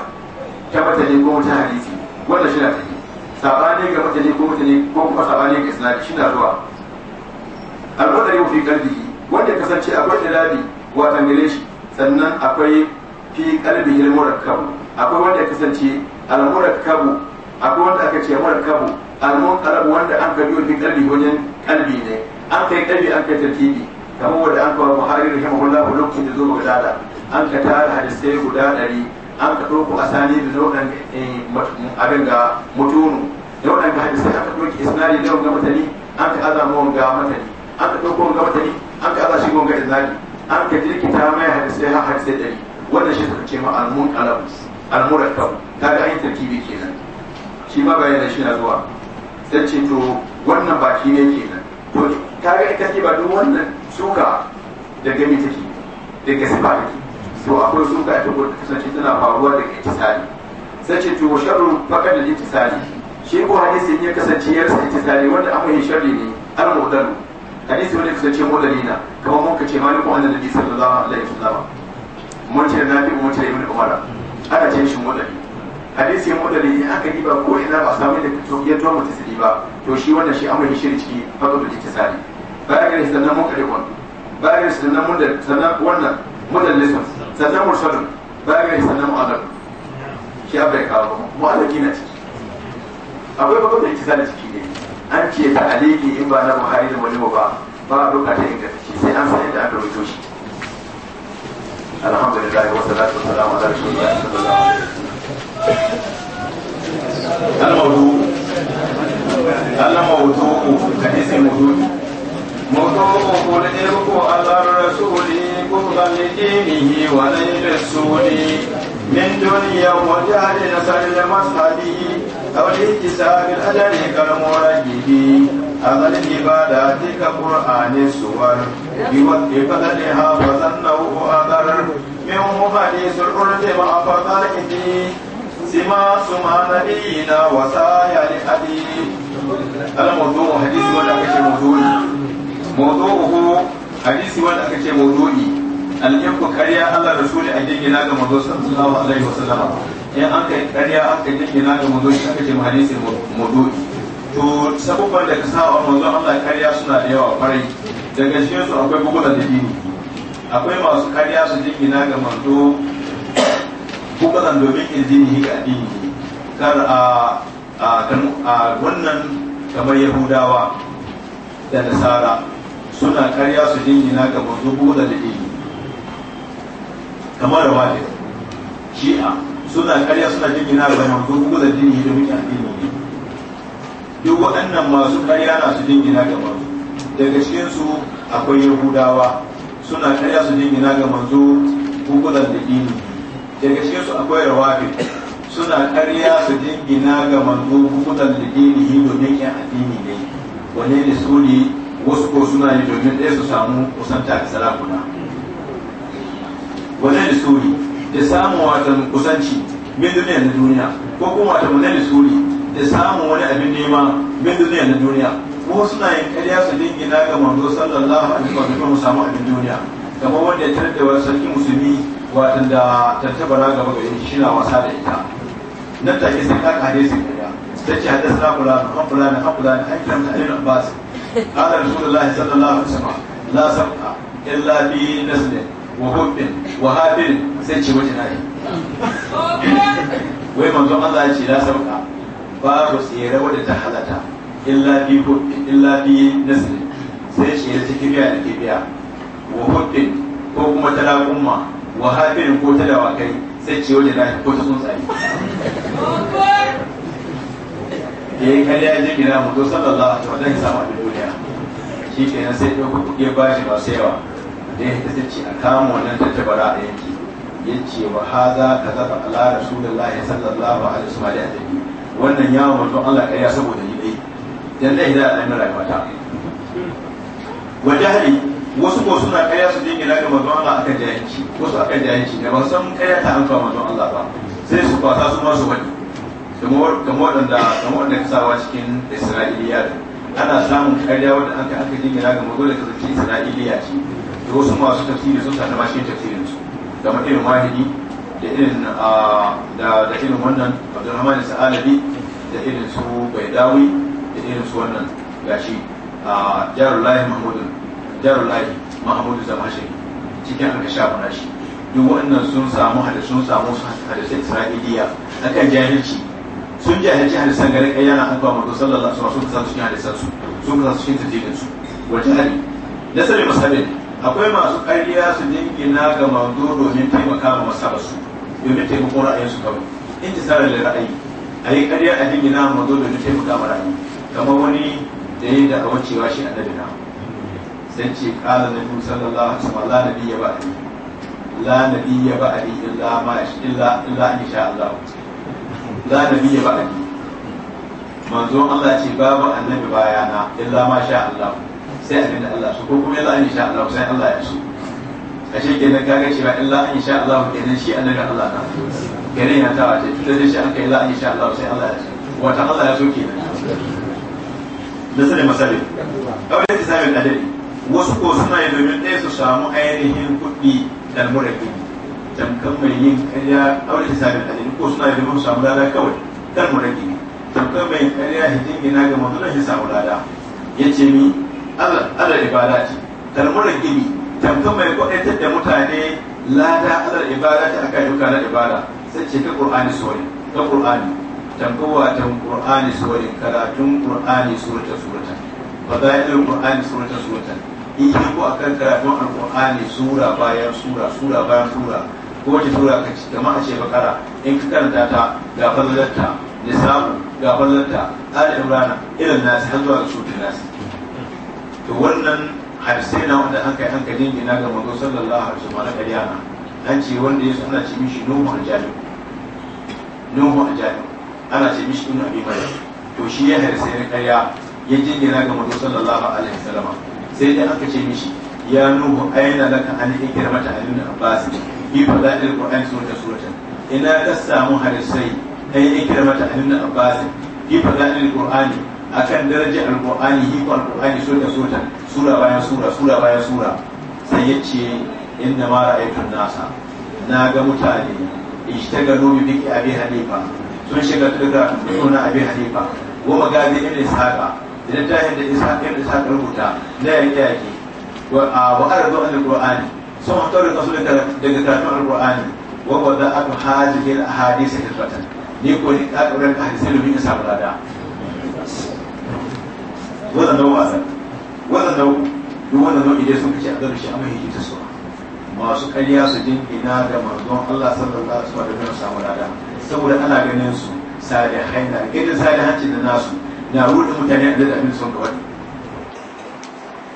ta matali ko ta hadisi wannan shi na tafi sabani ga matali ko matali ko kuma sabani ga isnadi shi na zuwa al-mudari fi qalbi wanda ya kasance akwai itirabi watan gare shi sannan akwai fi qalbi al-murakkab akwai wanda ya kasance al-murakkab akwai wanda aka ce murakkab al-munqalab wanda an ka biyo fi kalbi wajen kalbi ne an kai ɗabi an kai tartibi kamar wanda an kawo muharir rahimahullah lokacin da zo magana an ka tara hadisai guda ɗari an ka ɗauko asani da nau'in eh, abin ga mutunu da waɗanda hadisai aka ɗauki isnadi da ga matani an ka aza mu ga matani an ka ɗauko ga matani an ka aza shi wanga isnadi an ka jirkita mai hadisai har hadisai ɗari wannan shi suka ce ma almun alam almurakab ta an yi tartibi kenan shi ma bayanan shi na zuwa sai ce to wannan ba shi ne kenan to kaga ita ce ba duk wannan shuka da gami take daga sifa take to akwai shuka ta ko kasance tana faruwa daga itisali sai ce to sharru fakan da itisali shi ko hadisi ne kasance yar sai itisali wanda aka yi sharri ne al mudalu hadisi wanda kasance mudalina kamar mun kace maliku annabi sallallahu alaihi wasallam mun ce nabi mun ce ibn umar ana ce shi mudalina hadisi yin mudali in aka ko ina ba samu da tokiyar tuwa ba to shi wannan shi ciki fato da baya baya sannan wannan sannan baya shi kawo na ciki akwai fato da ciki ne an ce ta aliki in ba na buhari da wani ba ba a doka ta sai an san da aka rubuto shi alhamdulillah wa salatu wa salam ala rasulillah sallallahu alaihi wasallam Al-Mawdu Al-Mawdu Hadisi Mawdu Mawdu Mawdu Irku Al-Rasuli Kutba Lidinihi Wa Lirasuli Min Dunia Wa Jahli Nasari Masadi Tawli Kisabi Al-Ajari Kalamurajidi Adal Ibadati Ka Qur'an Suwar Iwati Fadaliha Wa Zannahu Adar Min Muhadisul Urdi Ma'afadaki Al-Mawdu سماس مع نبينا وسايا لحديث الموضوع حديث ولا كشي موضوعي موضوعه حديث ولا كشي موضوعي an yanku karya Allah rasuli a jingina ga manzo sallallahu alaihi wasallam in an kai karya an kai jingina ga manzo shi aka ce to sabubban da ka sa wa manzo Allah karya suna da yawa farai daga cikin su akwai bugu da dini akwai masu karya su jingina ga manzo kuma kubalan domin izini ga addini kar a wannan kamar yahudawa da nasara suna karya su jingina ga manzo buɗe da dini kamar rawatib shi'a suna karya suna jingina ga manzo buɗe da dini da muke addini ne duk waɗannan masu karya na su jingina ga manzo daga cikin su akwai yahudawa suna karya su jingina ga manzo buɗe da dini daga cikin su akwai rawafi suna karya su jingina ga manzo hukutan da dinihi domin yan addini ne wani ne su ne wasu ko suna yi domin ɗaya su samu kusanta da sarakuna wani ne su da samun watan kusanci min duniya na duniya ko kuma watan wani ne su da samun wani abin nema min duniya na duniya ko suna yin karya su jingina ga manzo sallallahu alaihi wa sallam samu abin duniya kamar wanda ya tarar wa sarki musulmi watan da tattabara gaba gari shi na wasa da ita nan take sai ta kare su guda ta ce haddasa na kula na kula na kula na an kiran ta ayyuna abbas qala rasulullahi sallallahu alaihi wasallam la sabqa illa bi naslin wa hubbin wa habil sai ce wajen nayi wai manzo Allah ya ce la sabqa ku tsere wadda ta halata illa bi hubbin illa bi naslin sai ce ya ci kibiya da kibiya wa hubbin ko kuma talaqumma wa hafirin ko ta dawakai sai ciwo da lafi ko ta tsuntsaye ya yi kalli ya jingina mu to sallallahu alaihi wa sallam ya samu abin duniya shi kenan sai ɗauko kuɗi ya bashi masu yawa da ya ta ce a kama wannan tattabara a yanki ya ce wa za ka zaba ala rasulullahi sallallahu alaihi wa a da wannan yawon mutum Allah ya saboda ni dai dan da hidaya da rayuwata wa jahili wasu ko suna kaya su dinga ga manzon Allah akan jayanci wasu akan jayanci da ba san kaya ta amfa manzon Allah ba sai su kwasa su ma su wani kamar waɗanda kamar waɗanda sawa cikin Isra'iliya ana samun kariya wanda aka aka dinga ga manzon da kasance Isra'iliya ce da wasu masu tafsiri sun sata cikin tafsirin su kamar irin wahidi da irin da irin wannan Abdulrahman Sa'alabi da irin su Baidawi da irin su wannan gashi Jarullahi Mahmudun jarullahi mahamudu zama shi cikin aka shafa na shi duk wannan sun samu sun samu hadisan isra'iliya kan jahilci sun jahilci hadisan kai yana an kwamar sallallahu alaihi wasallam sun kasa cikin hadisan su sun kasa cikin tajidin su wata hali na sabi masabin akwai masu ƙarya su jingina ga manzo domin taimaka ma masabar su domin taimakon ra'ayin su kawai in ji tsarin da ra'ayi a yi ƙarya a jingina manzo domin taimaka ma ra'ayi kamar wani da ya yi da a wancewa shi annabi na sai ce kala na biyu sallallahu alaihi wasallam la nabiyya ba ali la nabiyya ba ali illa ma illa illa an sha Allah la nabiyya ba ali manzon Allah ce babu annabi bayana illa ma sha Allah sai abin da Allah su, ko kuma illa an sha Allah sai Allah ya so ashe kenan kaga cewa illa an sha Allah kenan shi annabi Allah na gare ya ta wace tunda da shi aka illa an sha Allah sai Allah ya so wata Allah ya so kenan nasare masalin kawai da samin adadi wasu ko suna yi domin ɗaya su samu ainihin kuɗi da mura tamkan mai yin karya aure hisabin alini ko suna yi domin su samu lada kawai dan mura biyu tamkan mai karya hijin gina ga mutunan shi samu lada ya ce mi alal ibada ce talmura gini tamkan mai kwaɗaitar da mutane lada alal ibada ce aka yi na ibada sai ce ka ƙur'ani sori ka ƙur'ani tamkowatan ƙur'ani sori karatun ƙur'ani surata surata fadailul ƙur'ani surata surata in yi ko akan karatun alkur'ani sura bayan sura sura bayan sura ko wace sura ka ci kamar a ce bakara in ka karanta ta ga falalarta nisabu ga fazalarta ala imrana irin nasi har zuwa ga sutun nasi to wannan hadisai na wanda an kai hankalin gina ga manzo sallallahu alaihi wasallam na ƙarya an ce wanda ya suna ce mishi nuhu aljami nuhu aljami ana ce mishi ibnu abi maryam to shi ya hadisai na ƙarya ya jingina ga manzo sallallahu alaihi wasallam sai dai aka ce mishi ya nuhu aina laka an ikira mata a da abbas bi fadail qur'an surata suratan ina ka samu hadisai ai ikira mata alim da abbas bi fadail qur'an akan darajar alqur'ani hi qur'ani surata suratan sura bayan sura sura bayan sura sai ya yace inna ma ra'aytun nasa na ga mutane ishtagalu bi biki abi hanifa sun shiga tuka suna abi hanifa wa magazi ne saqa idan ta da isa kan isa kan rubuta na yaki yaki wa a arzu al-qur'ani sun hatar da su daga karatun al-qur'ani wa wa wada aka hajihi al-ahadith hidratan ni ko ni ka kauran hadisi lumin isa barada wannan nau wasan wannan nau duk wannan nau idan sun kace a gaba shi amma hiji ta so masu ƙarya su dingina ga manzon Allah sallallahu alaihi wasallam da samu lada saboda ana ganin su salihai na gidan salihancin da nasu na ruɗe mutane da abin son ga wani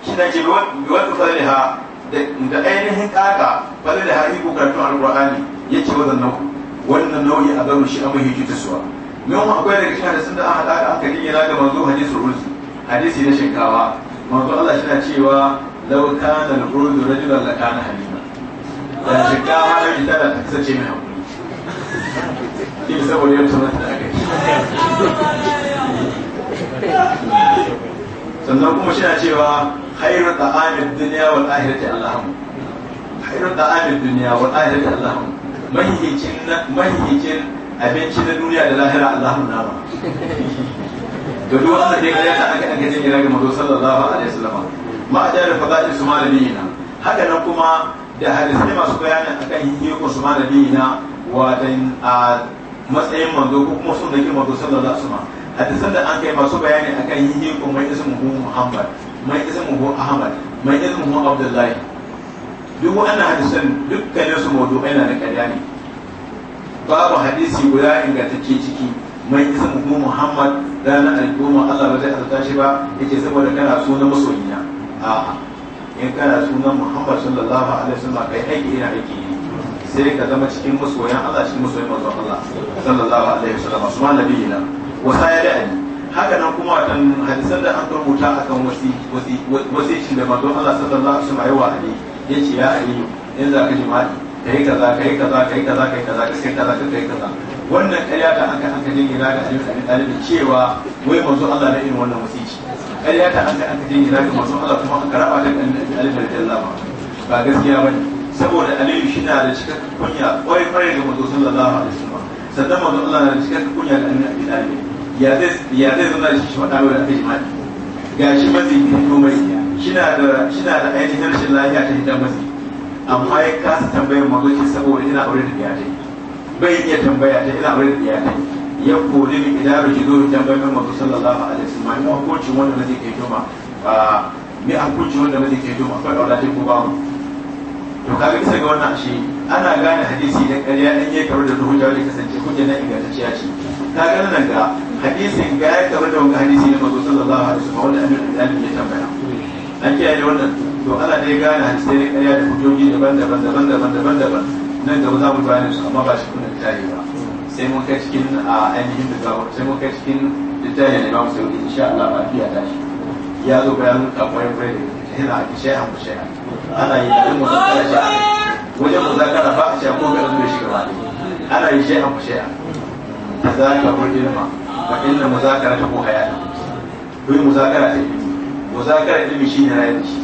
shi na ce wata fadliha da ainihin ƙaƙa fadliha iko karatun alƙur'ani ya ce wannan nau'i wannan nau'i a garin shi a mahi Min yau akwai daga cikin hadisin da an haɗa aka yana ga manzo hadisul urzi hadisi na shinkawa manzo Allah shi na cewa lau kana al-urdu rajulan la kana halima da shinkawa da ita da ta ce mai hakuri shi saboda yau tunan da aka yi sannan kuma shi cewa da amir duniya wal wal abinci na duniya da lahira nama to duk wanda dai ta aka aka jin ga manzo sallallahu alaihi wasallam ma fadail su malamina haka nan kuma da hadisai masu bayani akan hiyo su malamina wa dan a matsayin manzo ko kuma sallallahu alaihi wasallam hadisan da an kai masu bayani akan yi ko mai ismuhu muhammad mai ismuhu ahmad mai ismuhu abdullahi duk wannan hadisan dukkanin su mawdu'ai na da ƙarya ne babu hadisi guda ingantacce ciki mai ismuhu muhammad ranar al'umma allah ba zai azurta shi ba yake saboda kana sunan masoyina a'a in kana sunan muhammad sallallahu alaihi wasallam kai aiki ina aiki ne sai ka zama cikin masoyan allah cikin masoyan manzon allah sallallahu alaihi wasallam su ma nabiyina wasaya ya ali haka nan kuma wata hadisan da an rubuta a kan wasi wasicin da manzon Allah sallallahu alaihi wasallam ya wa ya ce ya ali yin za ka jima'i yi kaza yi kaza yi kaza yi kaza yi kaza yi kaza wannan ƙarya an aka aka jingina ga ayyukan ɗalibin cewa wai manzon Allah na irin wannan wasici ƙarya ta aka aka jingina ga manzon Allah kuma aka raba da ɗalibin da Allah ba gaskiya ba ne saboda aliyu shi na da cikakken kunya ƙwarai ƙwarai ga manzon sallallahu alaihi wasallam sannan manzon Allah na da cikakken kunya ga annabi ɗalibin ya zai zama da shi faɗa mai da aka jima'i ga shi mazi ko mai shina da ainihin rashin lafiya ta hitar mazi amma ya kasa tambayar magoci saboda ina aure da biya bai iya tambaya ta ina aure da biya ya kori ni idan ruji zo tambayar mai magoci sallallahu alaihi wasallam ma hukuncin wanda mazi ke juma mai hukuncin wanda mazi ke juma akwai aulatin ko mu? to kaga bisa ga wannan shi ana gane hadisi da ƙarya ɗan yayi karo da hujja wanda kasance kuje na ingantacciya ce kaga nan ga hadisin ga ya da wanga hadisi ne mazo sallallahu alaihi wasallam wanda annabi da ya tambaya an kiyaye wannan to Allah dai gane hadisai ne kariya da hujjoji daban-daban daban-daban daban-daban nan gaba za mu bayani su amma ba shi kuna littafi ba sai mun kai cikin a ainihin da zamu sai mun kai cikin littafi ne ba mu sai insha Allah ba fiya shi ya zo bayanin akwai bai yana a kishe a kushe ana yi da mu zakara shi wajen mu da ba a shi ko ga zuwa shi gaba ana yi shi an kushe ta zaka ko girma wa da muzakara ta ko hayata ku yi muzakara ta ilimi muzakara ilimi shi ne rayar shi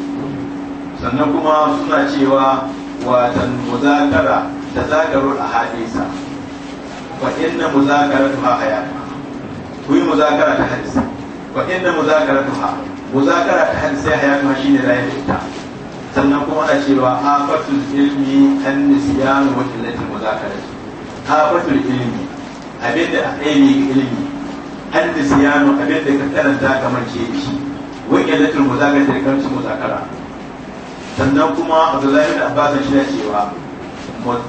sannan kuma suna cewa watan muzakara da zakarul ahadisa wa inna muzakara ta hayata ku yi muzakara ta hadisa wa inna muzakara ta muzakara ta hadisa hayata shi ne rayar ita sannan kuma ana cewa afatul ilmi an nisyan wa qillatul muzakarati afatul ilmi abinda ilmi ilmi hadda siyano abin da ka karanta kamar kebi wai ƙyallatul muzakar da kamci muzakara sannan kuma abdullahi da abbasan shi ya cewa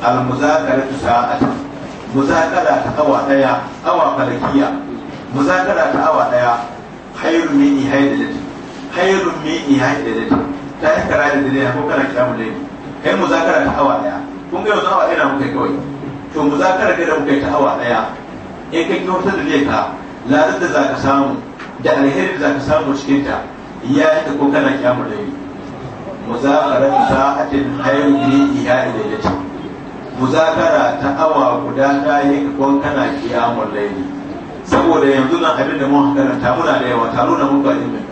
al muzakara ta sa'ata muzakara ta awa daya awa falakiya muzakara ta awa daya khairun min ihaidati hayar min ihaidati ta yi kara da dare ko kana mu dai kai muzakara ta awa daya kun ga yanzu awa ɗaya na kawai to muzakara da muka ta awa daya in kai kyautar da ka ladar da za ka samu da alheri da za ka samu cikin ta ya yi ko kana kyamu da a muzakarar sa'atin hayar ne iya ilailata muzakara ta awa guda ta yi na kyamu da yi saboda yanzu nan abin da mun karanta muna da yawa taro na mun gani mun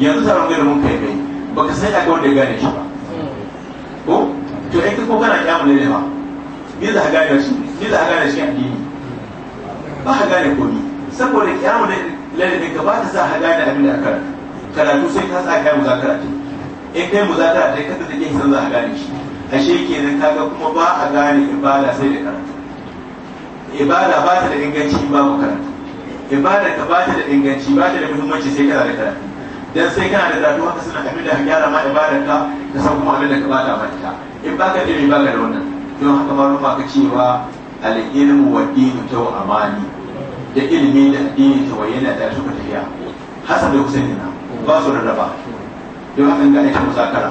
yanzu taron da mun kai mai baka sai ka wanda ya gane shi ba ko to ai ko kana da yi ba ni za a gane shi ni za a gane shi addini ba a gane komi saboda kyamu da lalabe ka ba ta sa haɗa da abin da aka karatu sai ka sa kai muzakara ce in kai muzakara ta kada take san za a gane shi ashe kenan kaga kuma ba a gane ibada sai da karatu ibada ba ta da inganci ba mu karatu ibada ka ba ta da inganci ba ta da muhimmanci sai kana da karatu dan sai kana da karatu haka suna abin da gyara ma ibadar ka ka san kuma abin da ka ba ta ita in ka da ba ka da wannan don haka ma rufa ka cewa al-ilmu wa dinu tawamani da ilimi da addini ta wayyana da suka tafiya hasan da husaini na ba su rarraba yau hakan ga aikin musakara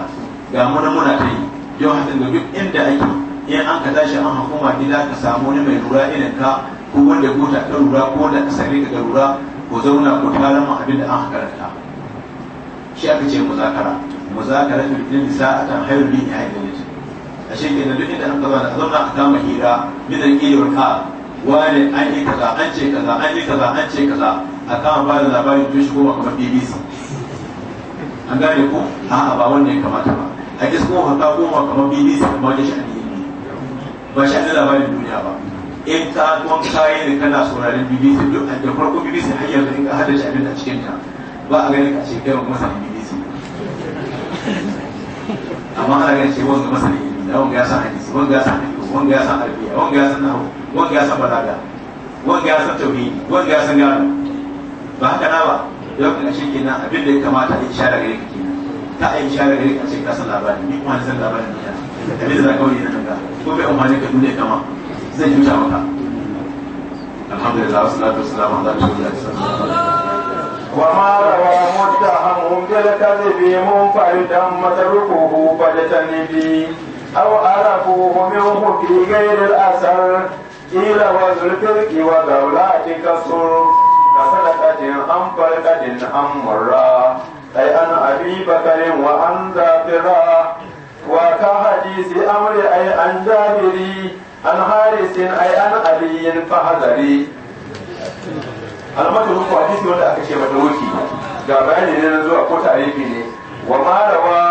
ga muna muna ta yi yau hakan ga duk inda ake in an ka tashi an hukuma gida ka samu wani mai lura irin ka ko wanda ko ta lura ko da asali ka lura ko zauna ko tara mu abin da an karanta shi aka ce muzakara muzakara fi din sa'atan hayrun li A shekin da duk inda an kaza da a zauna a kama hira bidan ilwar ka wani an yi kaza an ce kaza an yi kaza an ce kaza a kama ba da labarin tun kuma kamar bbc an gane ko a'a ba wannan ya kamata ba a kisa kuma haka kuma kamar bbc kamar an yi ne ba shi an labarin duniya ba in ka kuma kayan da kana sauraron bbc duk a da farko bbc har yanzu in ka hada shi abin a cikin ta ba a ganin ka ce kai wani masanin bbc amma ana ganin ce wanga masanin ilimi da wanga ya san hadisi wanga ya san hadisi wanga ya san arabiya wanga ya san nahu wanga ya san balaga wanga ya san tauhidi wanga ya san gano ba haka na ba yau kana shi kenan abin da ya kamata a ishara gare ka kenan ta a ishara gare ka ce ka san labarin ni kuma san labarin ne ya ne za ka wuri na kanka ko bai amfani ka duniya kama zai juta maka alhamdulillah wasu lafiya wasu lafiya da da shi وما روى متهم بالكذب منفردا متركه فاجتنبي أو ألفوه منه في غير الأثر kila wa zulfirki wa daulati kasur ka jin an farqatin an murra ay an abi bakarin wa an zafira wa ka hadisi amri ay an jabiri an harisin ay an aliyin fahadari almatu ko hadisi wanda aka ce mata wuki ga bayani ne na zuwa ko tarihi ne wa ma rawa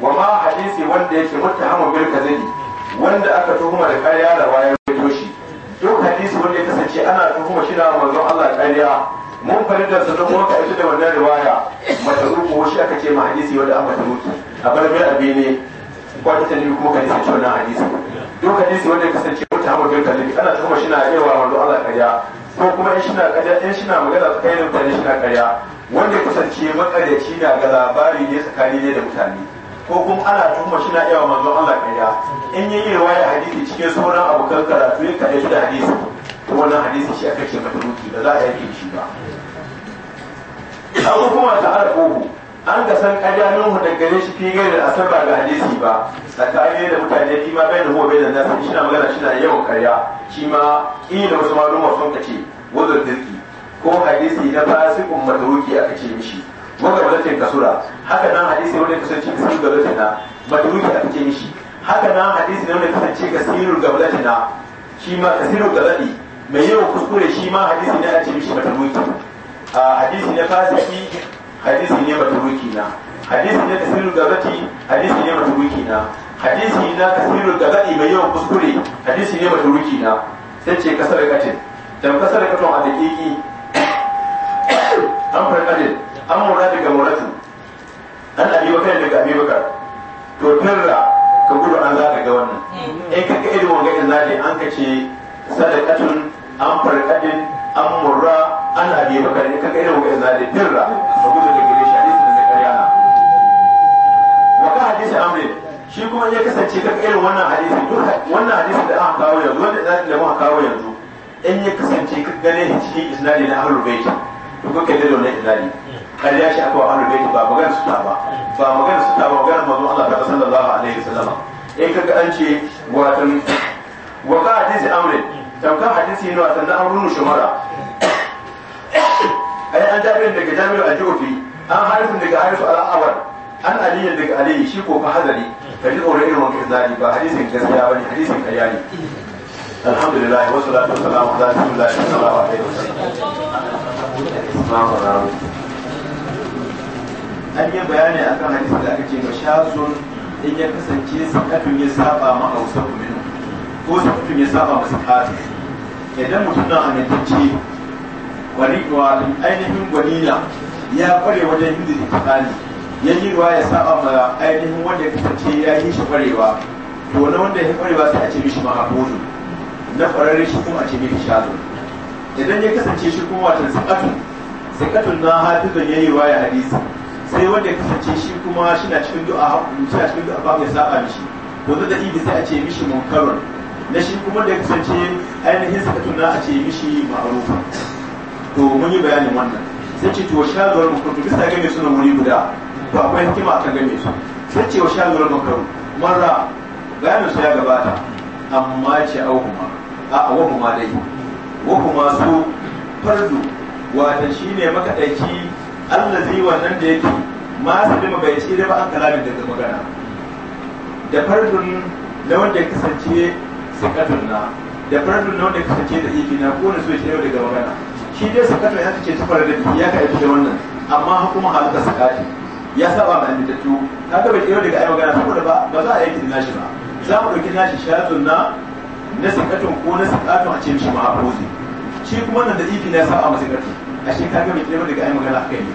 wa ma hadisi wanda yake muttahamu bil kadhibi wanda aka tuhuma da karya da wayan hadisi wanda ya kasance ana tuhuma shi da manzon Allah kariya mun fara da sanan kuma ka da wannan riwaya ruku shi aka ce ma hadisi wanda an mataruki a bar mai abi ne kwata ta kuma ka dace wannan hadisi duk hadisi wanda ya kasance wata hawa bin kalli ana tuhuma shi na yawa manzon Allah kariya ko kuma in shi na ƙarya in shi na magana ne mutane shi na ƙarya wanda kasance makaryaci na ga labari ne tsakani ne da mutane ko kuma ana tuhuma shi na yawa manzon Allah kariya in yi riwaya hadisi cikin sauran abokan karatu ya kaɗai da hadisi to wannan hadisi shi aka ce matruki ba za a yake shi ba abu kuma ta arabu an ga san ƙaryanin daga gare shi fi gare da asaba ga hadisi ba tsakani da mutane fi ma bai da huwa bai da nasa shi na magana shi na yawan karya shi ma ƙila wasu maluma sun kace ce wazar dirki ko hadisi na fasikun matruki aka ce mishi magabalatin kasura haka nan hadisi wanda kasance sun gabalatina matruki aka ce mishi haka nan hadisi na wanda kasance kasirul gabalatina shi ma kasirul gabalatina mai yawan kuskure shi ma hadisi ne a ce mishi mataruki a hadisi ne fasiki hadisi ne mataruki na hadisi ne kasirul gabati hadisi ne mataruki na hadisi na kasirul gabati mai yawan kuskure hadisi ne mataruki na sai ce kasar katin dan kasar katon a dakiki an fara kadin an mura daga muratu an abi bakar daga abi bakar to tarra ka gudu an za ka ga wannan mm. in ka ga irin wanga in zaje an ka ce sadaqatun an farkadin an murra an abi bakar ne kaga irin wa'in zalin dirra ba gudu da gare shi hadisin da ƙarya na wa ka hadisi amri shi kuma ya kasance kaga irin wannan hadisi duk wannan hadisi da aka kawo yanzu wanda zalin da muka kawo yanzu in ya kasance ka gane cikin isnadi na ahlul bait to kai da wannan isnadi ƙarya shi aka wa ahlul bait ba magana su ta ba ba magana su ta ba magana manzon Allah ta sallallahu alaihi wasallam in kaga an ce watan wa ka hadisi amri tamkan hadisi yana wasan an amrunu shumara ai an jami'in daga jami'in a jufi an harisun daga harisu al an aliyin daga aliyi shi ko fa hadari ta ji tsoron irin wanka zali ba hadisin gaskiya ba ne hadisin karya ne alhamdulillah wasu salatu wassalamu ala rasulillah sallallahu alaihi wasallam an yi bayani akan hadisi da aka ce shazun in ya kasance sakatun ya saba ma ausa ko sakatun ya saba masu katin idan mutum ɗan amintacce wani wani ainihin gwanila ya kware wajen yin da ikhtali ya yi ruwa ya saba ma ainihin wanda ya kasance ya yi shi kwarewa to na wanda ya kwarewa sai a ce mishi mahabonu na kwararre shi kuma a ce mishi shazo idan ya kasance shi kuma watan sakatu sakatun na hafizan ya yi ruwa ya hadisi sai wanda ya kasance shi kuma shi na cikin du'a shi na cikin du'a ba mai saba mishi to da ibi sai a ce mishi munkarun na shi kuma da kasance ainihin sakatuna a ce mishi ma'arufa to mun yi bayanin wannan sai ce to shawarar makaru bisa game su na wuri guda to akwai hikima a kan game su sai ce wa zuwa makaru marra bayanin su ya gabata amma ce auhuma a wahuma dai wahuma su fardu wata shi ne makaɗaici allazi wannan da yake ma salima bai ci da ba an kalamin daga magana da fardun na wanda ya kasance sakatun na da faradun na wanda ya kasance da iki e na ko na so shi daga magana shi dai sakatun ya kace ta faradun e ya ka aiki wannan amma kuma halaka sakati ya saba ma amintattu ka ga bai yau daga ai magana saboda ba ba za a yi nashi ba za mu dauki nashi shatun na na sakatun ko na sakatun a ce mishi ma abuzi shi kuma wannan da iki e na saba ma sakatu a shi ka ga bai yau daga ai magana akai ne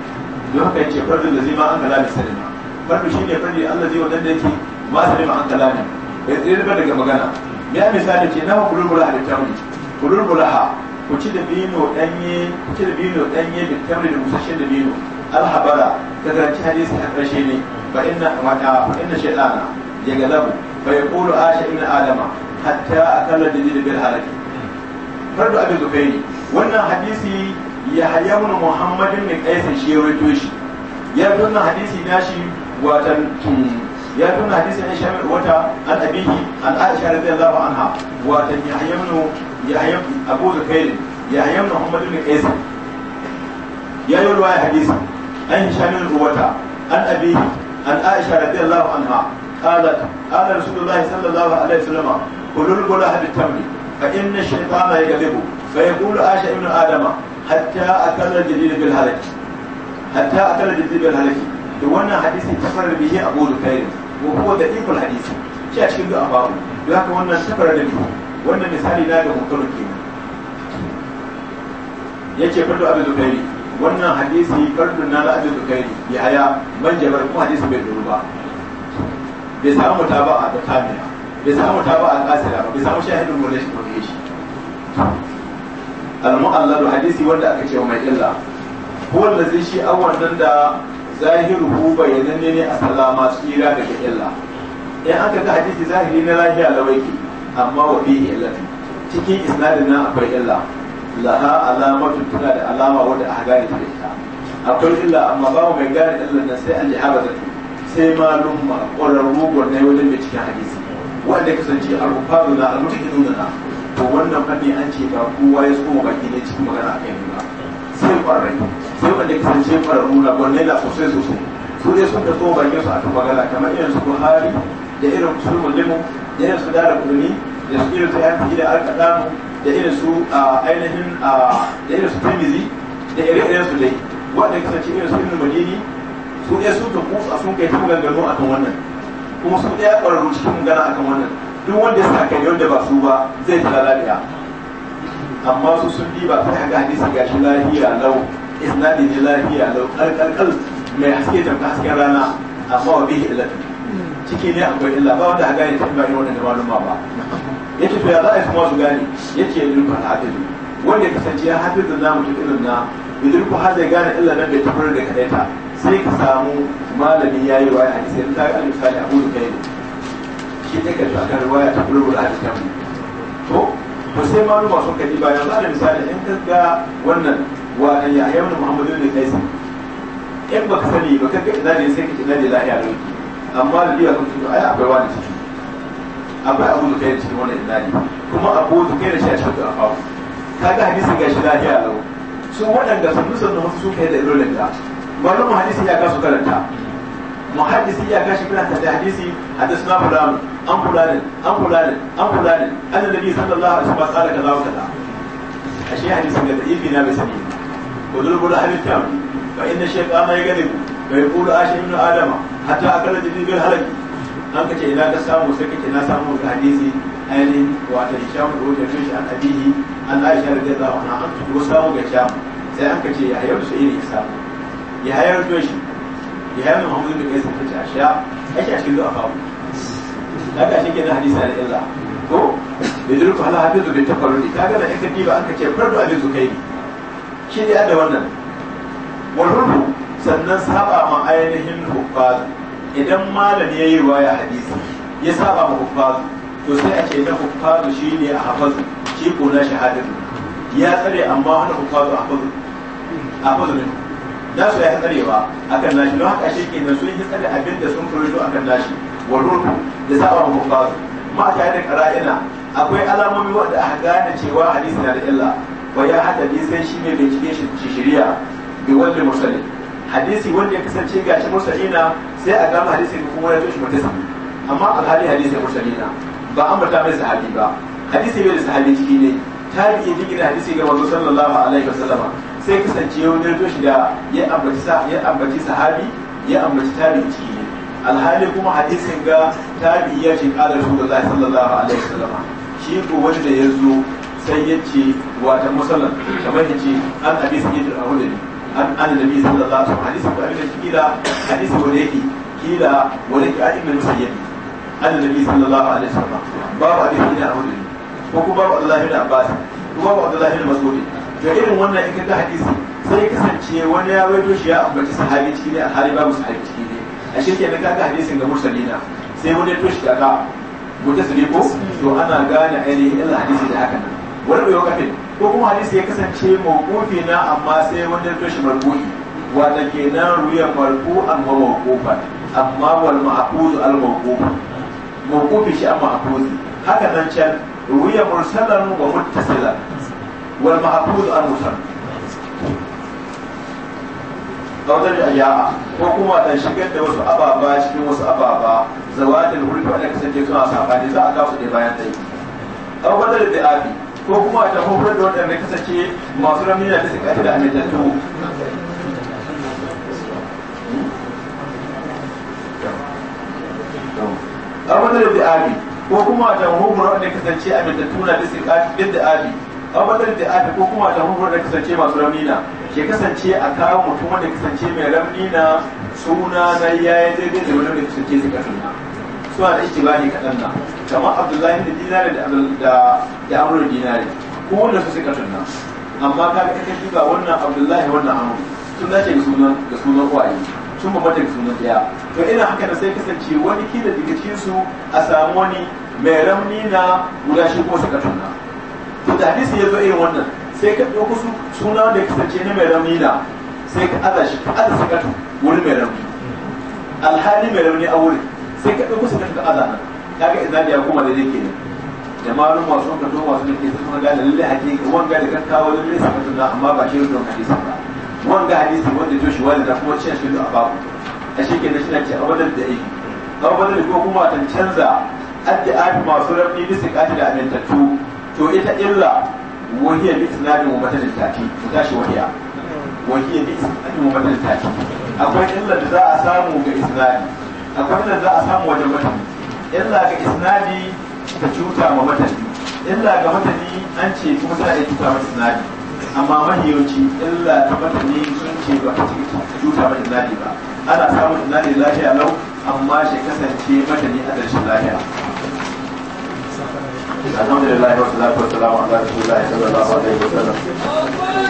don haka yace faradun da zai ma an kala misalina fardu ne fardi Allah zai wanda yake ma salima an kala ne bai tsira daga magana ya misali ce na kulul bulaha da tamri kulul bulaha ku ci da bino danye ku ci da bino danye da tamri da musashen da bino alhabara ka karanci hadisi a karshe ne fa inna mata fa inna shaytana ya galabu fa yaqulu asha ina adama hatta a kalla akalla da bil halaki fardu abi zubairi wannan hadisi ya hayyamuna muhammadin min qais shi ya rawaito shi ya wannan hadisi nashi watan hmm, ya tuna hadisin ya shamil wata an abihi an aisha radiyallahu anha wa ta yahyamnu yahyam abu zukair yahyamnu muhammad ibn qais ya yi hadisi an shamil wata an abihi an aisha wa huwa da ibn hadisi shi cikin du'a babu don haka wannan safara da wannan misali na ga mutaro kenan yace fardu abin zubairi wannan hadisi fardun na abin zubairi ya haya man kuma hadisi bai duru bai samu mutaba'a da kamila bai samu mutaba'a da kasira bai samu shahidin mulle hadisi wanda aka ce mai illa huwa shi da zahiru bayanan ne a salama tsira daga illa in aka ga hadisi zahiri na lafiya lawaiki amma wa bihi illati cikin isnadin nan akwai illa laha alamatu tuna da alama wanda aka gane ta ita akwai illa amma babu mai gane illa nan sai an ji habata sai ma malum ƙwararru gwarnai wajen da cikin hadisi wanda kasance a rufaru na almutakin nuna to wannan fanni an ce ba kowa ya tsoma baki ne cikin magana a kai ba sai kwarai sai wanda kasance kwararru na gwanne da sosai sosai su ne sun da so bakin su akan magana kama irin su buhari da irin su mulimu da irin su dara da su irin su yanki da alkaɗanu da irin su ainihin da irin su timizi da ire-iren su dai wanda kasance irin su irin su ne sun da kusa sun kai tun gangano akan wannan kuma su ɗaya kwararru cikin magana akan wannan duk wanda ya sa kai wanda ba su ba zai ta amma su sun diba ta kaga hadisi gashi lafiya lau isnadi ne lafiya lau kalkalkal mai haske tamka hasken rana amma wa bihi ilatu ciki ne akwai illa ba wanda haga ya tafi ba wannan da maluma ba yace to ya za a kuma su gane yace yanzu ba hadisi wanda ya kasance ya da namu mutum irin na idan ku har zai gane illa nan bai tafar da kadaita sai ka samu malami ya yayi wa hadisi ta ga misali abu da kai shi take ta kan waya ta bulbul hadisi ba sai ma ruwa sun kadi ba za a misali in ka ga wannan wa dan eh, yahya ibn muhammad ibn qais in ka sani ba ka idan zane sai ka idan ne lahiya ne amma da biya kuma ai akwai wani ciki akwai abu da kai cikin wannan idan kuma abu da kai da shi a cikin da ka ga hadisin ga shi lahiya lau su waɗanda sun nusa da wasu suka yi da ilolin da malamin hadisi ya kasu karanta muhaddisi ya kashi kana ta hadisi kula fulan an ne an ne an fulan annabi sallallahu alaihi wasallam qala kaza wa kaza ashe hadisin da da'ifi na bai sani ko dole gudu hadis kam fa inna ya ma bai fa yaqulu ashe ibn adama hatta akala jibril halaki an kace ina ka samu sai kace na samu hadisi ainihin wato hisham ko da shi an abihi an aisha radiyallahu na an tuko samu ga sham sai an kace ya hayar su iri ya samu ya hayar shi ya yi muhammadu da gaisa ta ce a sha a cikin zuwa kawo daga shi ke na hadisa da illa ko da zurtu hala hafizu da tafarruri kaga da ita diba aka ce fardu abin zukairi shi ne da wannan walhurru sannan saba ma ainihin huffazu idan malami ya yi ruwaya hadisi ya saba ma huffazu to sai a ce na huffazu shi ne a hafazu shi ko na shahadatu ya tsare amma wani huffazu a hafazu a hafazu ne nasu ya a akan nashi don haka shi kenan sun yi tsare abin da sun a kan nashi wa rudu da saba ma hukasu ma a tare da kara'ina akwai alamomi wanda a gane cewa hadisi na da illa wa ya bi sai shi ne bincike shi shiriya bi wanda mursali hadisi wanda ya kasance gashi na sai a gama hadisi kuma ya toshi mutum amma alhali hadisi ya na ba an bata mai sahabi ba hadisi bai da sahabi ciki ne tarihi jigina hadisi ga manzo sallallahu alaihi wasallama sai kasance ya wajen toshi da ya ambaci sahabi ya ambaci tabi'i alhali kuma hadisin ga tabi ya ce kala rasulullahi sallallahu alaihi wasallam shi ko wanda ya zo sai ya ce wata musallan kamar ya ce an abi sai da ne an an nabi sallallahu alaihi wasallam hadisin ko abin kila hadisi wanda yake kila wanda yake a ibn musayyib an nabi sallallahu alaihi wasallam babu abin da ne ko kuma babu Allah ibn Abbas ko babu Abdullah ibn Mas'ud ga irin wannan ikin kaga hadisi sai kasance wani ya waito shi ya ambaci sahabi ciki ne alhali babu sahabi ciki ne a shi kenan kaga hadisin ga mursalina sai wani ya toshi daga su ko to ana gane ainihin irin hadisi da haka nan wani bai kafin ko kuma hadisi ya kasance mawqufi na amma sai wani ya toshi marbuki wanda nan ruya marbu an wa mawqufa amma wal ma'quz al mawquf mawqufi shi amma ma'quz haka nan can ruya mursalan wa muttasilan والمعبود mahfuz an musal kawar da ayya'a ko kuma ta shigar da wasu ababa cikin wasu ababa zawadin wurin da kasance suna sabani za a kawo ko kuma ta hukar da wanda ya kasance masu ramiya da suka da amintattu kawar da bi'abi ko kuma ta da kasance na da da abadan da aka ko kuma ta hukumar da kasance masu ramni na ke kasance a kawo mutum wanda kasance mai ramni na suna na yi daidai da wani da kasance su ka suna suna da ne kaɗan na kamar abdullahi da dinari da amurin dinari ko wanda su suka suna amma ka ga kake ba wannan abdullahi wannan amur sun dace da sunan da sunan sun bambanta da sunan ɗaya to ina haka da sai kasance wani kila daga cikinsu a samu wani mai ramni na guda shi ko suka suna to da hadisi ya zo irin wannan sai ka ɗauko suna wanda ya kasance na mai rauni na sai ka aza shi ka aza sakatu wuri mai rauni alhali mai rauni a wuri sai ka ɗauko sakatu ka aza nan kaga idan ya koma da yake ne da malum masu ka zo masu ne ke kuma ga da lalle hakika wanga da kan kawo lalle sakatu da amma ba shi don hadisi ba wanga hadisi wanda to shi wani da kuma cin shi da babu a shi ke da shi na ce a wadar da yake a ko kuma kuma tan canza addu'a masu rauni bisa kashi da amintattu to ita illa wahiyar bi isnadin wa batal tati mu tashi wahiya wahiyar bi isnadin wa batal tati akwai illa da za a samu ga isnadi akwai illa da za a samu wajen matan illa ga isnadi ta cuta ma matan illa ga matani an ce kuma tana da cuta ma isnadi amma mahiyoci illa ta matani sun ce ba ta cuta ma isnadi ba ana samun isnadi lafiya lau amma shi kasance matani a ƙarshen lafiya الحمد لله والصلاة والسلام على رسول الله صلى الله عليه وسلم